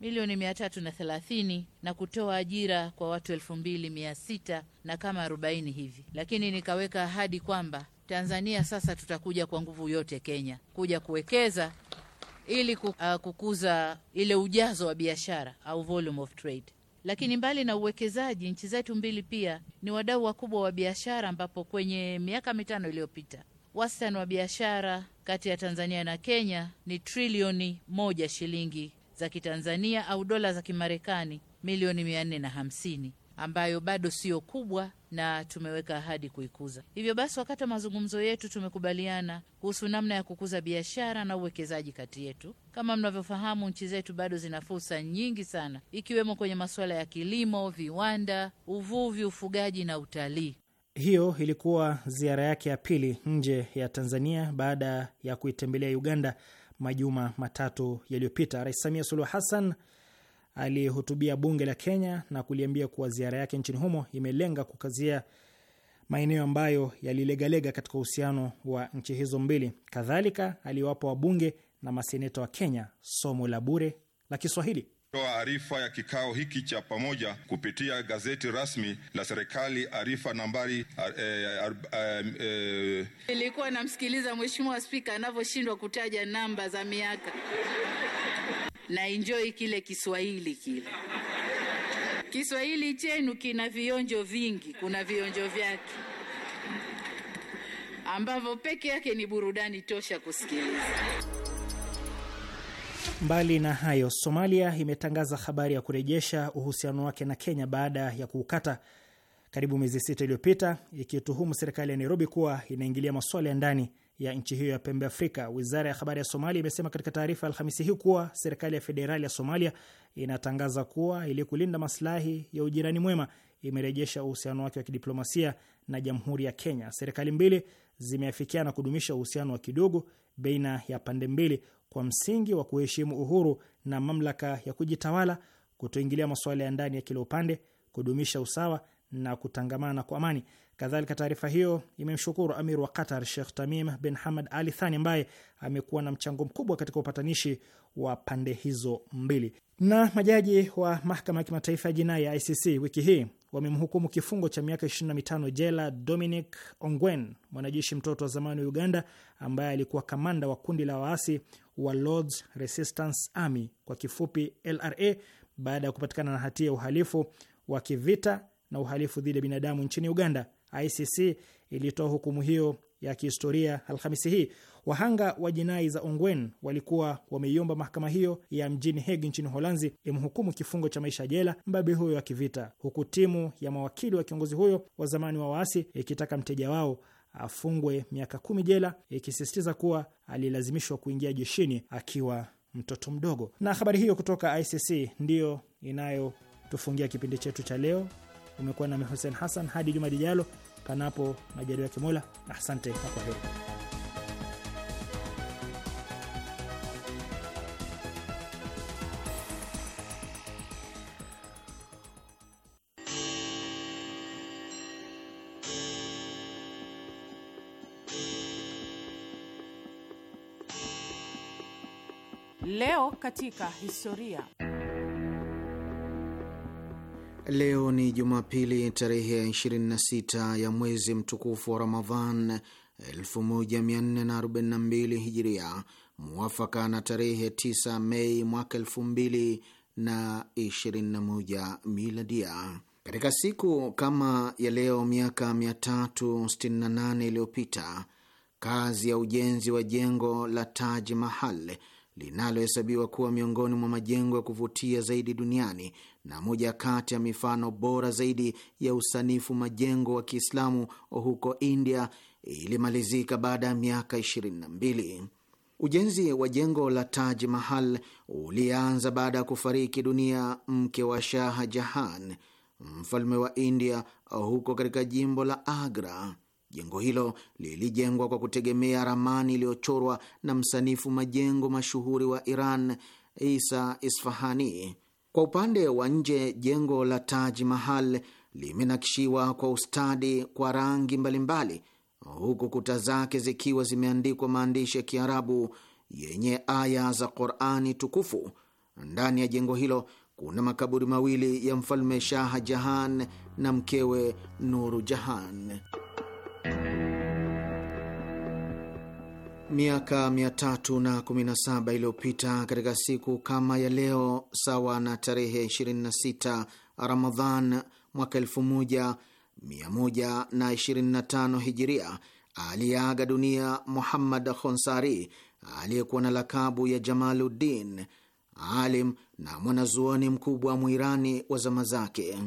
milioni mia tatu na thelathini na kutoa ajira kwa watu elfu mbili mia sita na kama arobaini hivi, lakini nikaweka ahadi kwamba Tanzania sasa tutakuja kwa nguvu yote Kenya kuja kuwekeza ili uh, kukuza ile ujazo wa biashara au volume of trade. Lakini mbali na uwekezaji, nchi zetu mbili pia ni wadau wakubwa wa biashara, ambapo kwenye miaka mitano iliyopita wastani wa biashara kati ya Tanzania na Kenya ni trilioni moja shilingi za Kitanzania au dola za Kimarekani milioni 450 ambayo bado sio kubwa na tumeweka ahadi kuikuza. Hivyo basi, wakati wa mazungumzo yetu tumekubaliana kuhusu namna ya kukuza biashara na uwekezaji kati yetu. Kama mnavyofahamu, nchi zetu bado zina fursa nyingi sana, ikiwemo kwenye masuala ya kilimo, viwanda, uvuvi, ufugaji na utalii. Hiyo ilikuwa ziara yake ya pili nje ya Tanzania baada ya kuitembelea Uganda majuma matatu yaliyopita. Rais Samia Suluhu Hassan alihutubia bunge la Kenya na kuliambia kuwa ziara yake nchini humo imelenga kukazia maeneo ambayo yalilegalega katika uhusiano wa nchi hizo mbili. Kadhalika aliwapa wabunge na maseneta wa Kenya somo la bure la Kiswahili toa arifa ya kikao hiki cha pamoja kupitia gazeti rasmi la serikali arifa nambari eh, eh, eh, ilikuwa namsikiliza mheshimiwa spika anavyoshindwa kutaja namba za miaka na enjoy kile Kiswahili kile Kiswahili chenu kina vionjo vingi, kuna vionjo vyake ambavyo peke yake ni burudani tosha kusikiliza. Mbali na hayo, Somalia imetangaza habari ya kurejesha uhusiano wake na Kenya baada ya kuukata karibu miezi sita iliyopita, ikituhumu serikali ya Nairobi kuwa inaingilia masuala ya ndani ya nchi hiyo ya pembe Afrika. Wizara ya habari ya Somalia imesema katika taarifa ya Alhamisi hii kuwa serikali ya federali ya Somalia inatangaza kuwa ili kulinda maslahi ya ujirani mwema imerejesha uhusiano wake wa kidiplomasia na jamhuri ya Kenya. Serikali mbili zimeafikiana kudumisha uhusiano wa kidogo baina ya pande mbili kwa msingi wa kuheshimu uhuru na mamlaka ya kujitawala, kutoingilia masuala ya ndani ya kila upande, kudumisha usawa na kutangamana kwa amani. Kadhalika, taarifa hiyo imemshukuru Amir wa Qatar shekh Tamim bin Hamad Ali Thani ambaye amekuwa na mchango mkubwa katika upatanishi wa pande hizo mbili. Na majaji wa mahakama ya kimataifa ya jinai ya ICC wiki hii wamemhukumu kifungo cha miaka 25 jela Dominic Ongwen, mwanajeshi mtoto wa zamani wa Uganda ambaye alikuwa kamanda wa kundi la waasi wa Lords Resistance Army kwa kifupi LRA, baada ya kupatikana na hatia ya uhalifu wa kivita na uhalifu dhidi ya binadamu nchini Uganda. ICC ilitoa hukumu hiyo ya kihistoria Alhamisi hii. Wahanga wa jinai za Ongwen walikuwa wameiomba mahakama hiyo ya mjini Hague nchini Holanzi imhukumu kifungo cha maisha jela mbabe huyo wa kivita, huku timu ya mawakili wa kiongozi huyo wa zamani wa waasi ikitaka mteja wao afungwe miaka kumi jela, ikisisitiza kuwa alilazimishwa kuingia jeshini akiwa mtoto mdogo. Na habari hiyo kutoka ICC ndiyo inayotufungia kipindi chetu cha leo. Umekuwa nami Hussein Hassan hadi juma lijalo panapo majaliwa ya Mola. Asante na kwa heri. Leo katika historia Leo ni Jumapili tarehe ya 26 ya mwezi mtukufu wa Ramadhan 1442 Hijiria, muwafaka na tarehe 9 Mei mwaka 2021 Miladia. Katika siku kama ya leo miaka 368 iliyopita kazi ya ujenzi wa jengo la Taj Mahal linalohesabiwa kuwa miongoni mwa majengo ya kuvutia zaidi duniani na moja kati ya mifano bora zaidi ya usanifu majengo wa Kiislamu huko India ilimalizika baada ya miaka 22. Ujenzi wa jengo la Taj Mahal ulianza baada ya kufariki dunia mke wa Shah Jahan, mfalme wa India, huko katika jimbo la Agra. Jengo hilo lilijengwa kwa kutegemea ramani iliyochorwa na msanifu majengo mashuhuri wa Iran, Isa Isfahani. Kwa upande wa nje, jengo la Taj Mahal limenakishiwa kwa ustadi kwa rangi mbalimbali, huku kuta zake zikiwa zimeandikwa maandishi ya Kiarabu yenye aya za Qurani tukufu. Ndani ya jengo hilo kuna makaburi mawili ya mfalme Shaha Jahan na mkewe Nuru Jahan. Miaka 317 iliyopita katika siku kama ya leo, sawa na tarehe 26 Ramadhan mwaka 1125 Hijiria, aliyeaga dunia Muhammad Khonsari aliyekuwa na lakabu ya Jamaluddin, alim na mwanazuoni mkubwa wa Mwirani wa zama zake.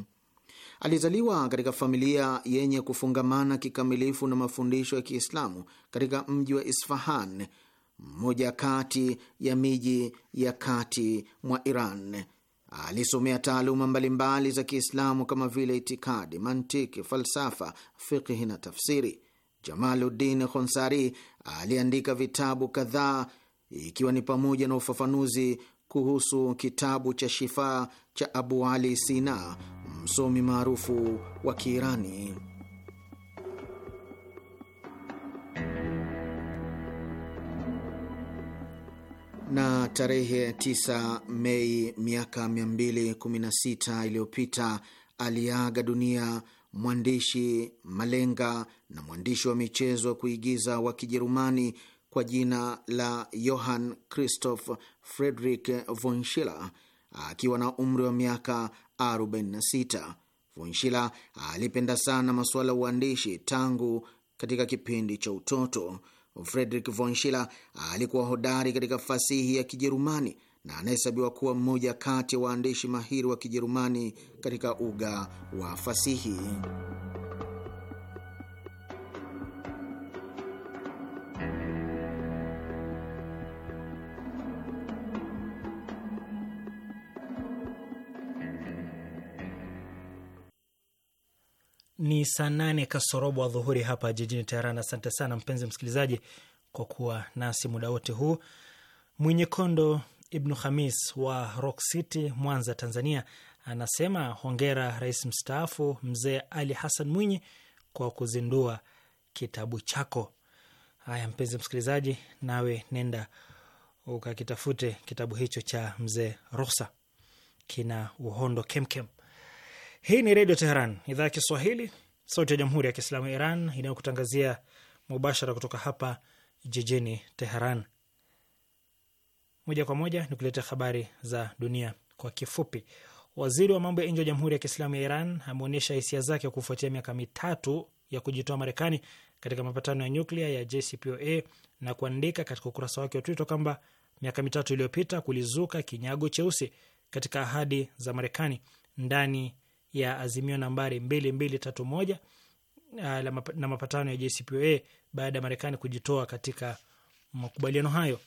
Alizaliwa katika familia yenye kufungamana kikamilifu na mafundisho ya Kiislamu katika mji wa Isfahan, mmoja kati ya miji ya kati mwa Iran. Alisomea taaluma mbalimbali za Kiislamu kama vile itikadi, mantiki, falsafa, fiqhi na tafsiri. Jamaluddin Khonsari aliandika vitabu kadhaa ikiwa ni pamoja na ufafanuzi kuhusu kitabu cha Shifaa cha Abu Ali Sina, msomi maarufu wa Kiirani. Na tarehe 9 Mei miaka 216 iliyopita aliaga dunia mwandishi malenga na mwandishi wa michezo wa kuigiza wa Kijerumani kwa jina la Johann Christoph Friedrich von Schiller akiwa na umri wa miaka 46. Vunshila alipenda sana masuala ya uandishi tangu katika kipindi cha utoto. von Vunshila alikuwa hodari katika fasihi ya Kijerumani na anahesabiwa kuwa mmoja kati ya waandishi mahiri wa Kijerumani katika uga wa fasihi. ni saa nane kasorobo wa dhuhuri hapa jijini Teheran. Asante sana mpenzi msikilizaji kwa kuwa nasi muda wote huu. Mwenye Kondo Ibnu Khamis wa Rock City, Mwanza, Tanzania, anasema hongera rais mstaafu mzee Ali Hassan Mwinyi kwa kuzindua kitabu chako. Haya mpenzi msikilizaji, nawe nenda ukakitafute kitabu hicho cha mzee Rosa, kina uhondo kemkem. Hii ni Redio Teheran, idhaa ya Kiswahili, sauti ya Jamhuri ya Kiislamu ya Iran inayokutangazia mubashara kutoka hapa jijini Teheran. Moja kwa moja ni kuletea habari za dunia kwa kifupi. Waziri wa mambo ya nje wa Jamhuri ya Kiislamu ya Iran ameonyesha hisia zake kufuatia miaka mitatu ya kujitoa Marekani katika mapatano ya nyuklia ya JCPOA na kuandika katika ukurasa wake wa Twitter kwamba miaka mitatu iliyopita kulizuka kinyago cheusi katika ahadi za Marekani ndani ya azimio nambari 2231 uh, na mapatano ya JCPOA baada ya Marekani kujitoa katika makubaliano hayo.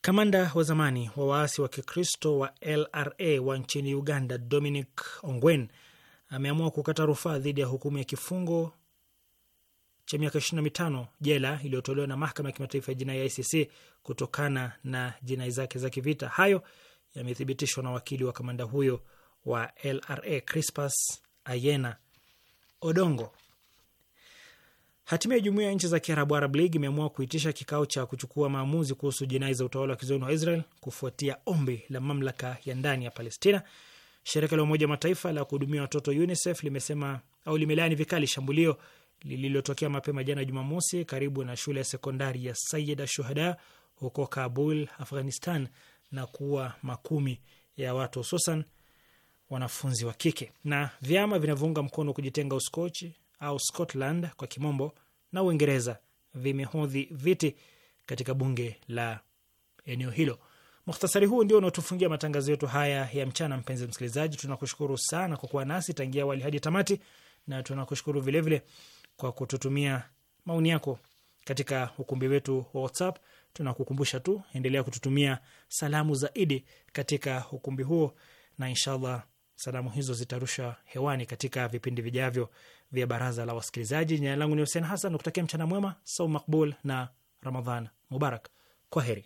Kamanda wa zamani wa waasi wa Kikristo wa LRA wa nchini Uganda, Dominic Ongwen ameamua kukata rufaa dhidi ya hukumu ya kifungo cha miaka 25 jela iliyotolewa na mahakama ya kimataifa ya jinai ya ICC kutokana na jinai zake za kivita. Hayo yamethibitishwa na wakili wa kamanda huyo wa LRA Crispas Ayena Odongo. Hatimaye jumuiya ya nchi za Kiarabu, Arab League, imeamua kuitisha kikao cha kuchukua maamuzi kuhusu jinai za utawala wa kizoni wa Israel kufuatia ombi la mamlaka ya ndani ya Palestina. Shirika la Umoja Mataifa la kuhudumia watoto UNICEF limesema au limelaani vikali shambulio lililotokea mapema jana Jumamosi karibu na shule ya sekondari ya Sayyid Ashuhada huko Kabul, Afghanistan, na kuwa makumi ya watu hususan wanafunzi wa kike. Na vyama vinavyounga mkono kujitenga Uskochi au Scotland kwa kimombo na Uingereza vimehodhi viti katika bunge la eneo hilo. Mukhtasari huu ndio unaotufungia matangazo yetu haya ya mchana. Mpenzi msikilizaji, tunakushukuru sana kwa kuwa nasi tangia awali hadi tamati, na tunakushukuru vilevile kwa kututumia maoni yako katika ukumbi wetu wa WhatsApp. Tunakukumbusha tu, endelea kututumia salamu zaidi katika ukumbi huo, na inshallah salamu hizo zitarusha hewani katika vipindi vijavyo vya baraza la wasikilizaji. Jina langu ni Hussein Hassan, nakutakia mchana mwema, saum makbul na Ramadhan mubarak. Kwa heri.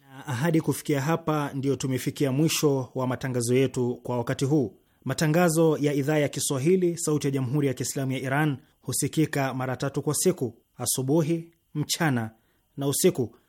Na ahadi kufikia hapa, ndiyo tumefikia mwisho wa matangazo yetu kwa wakati huu. Matangazo ya idhaa ya Kiswahili sauti ya jamhuri ya Kiislamu ya Iran husikika mara tatu kwa siku: asubuhi, mchana na usiku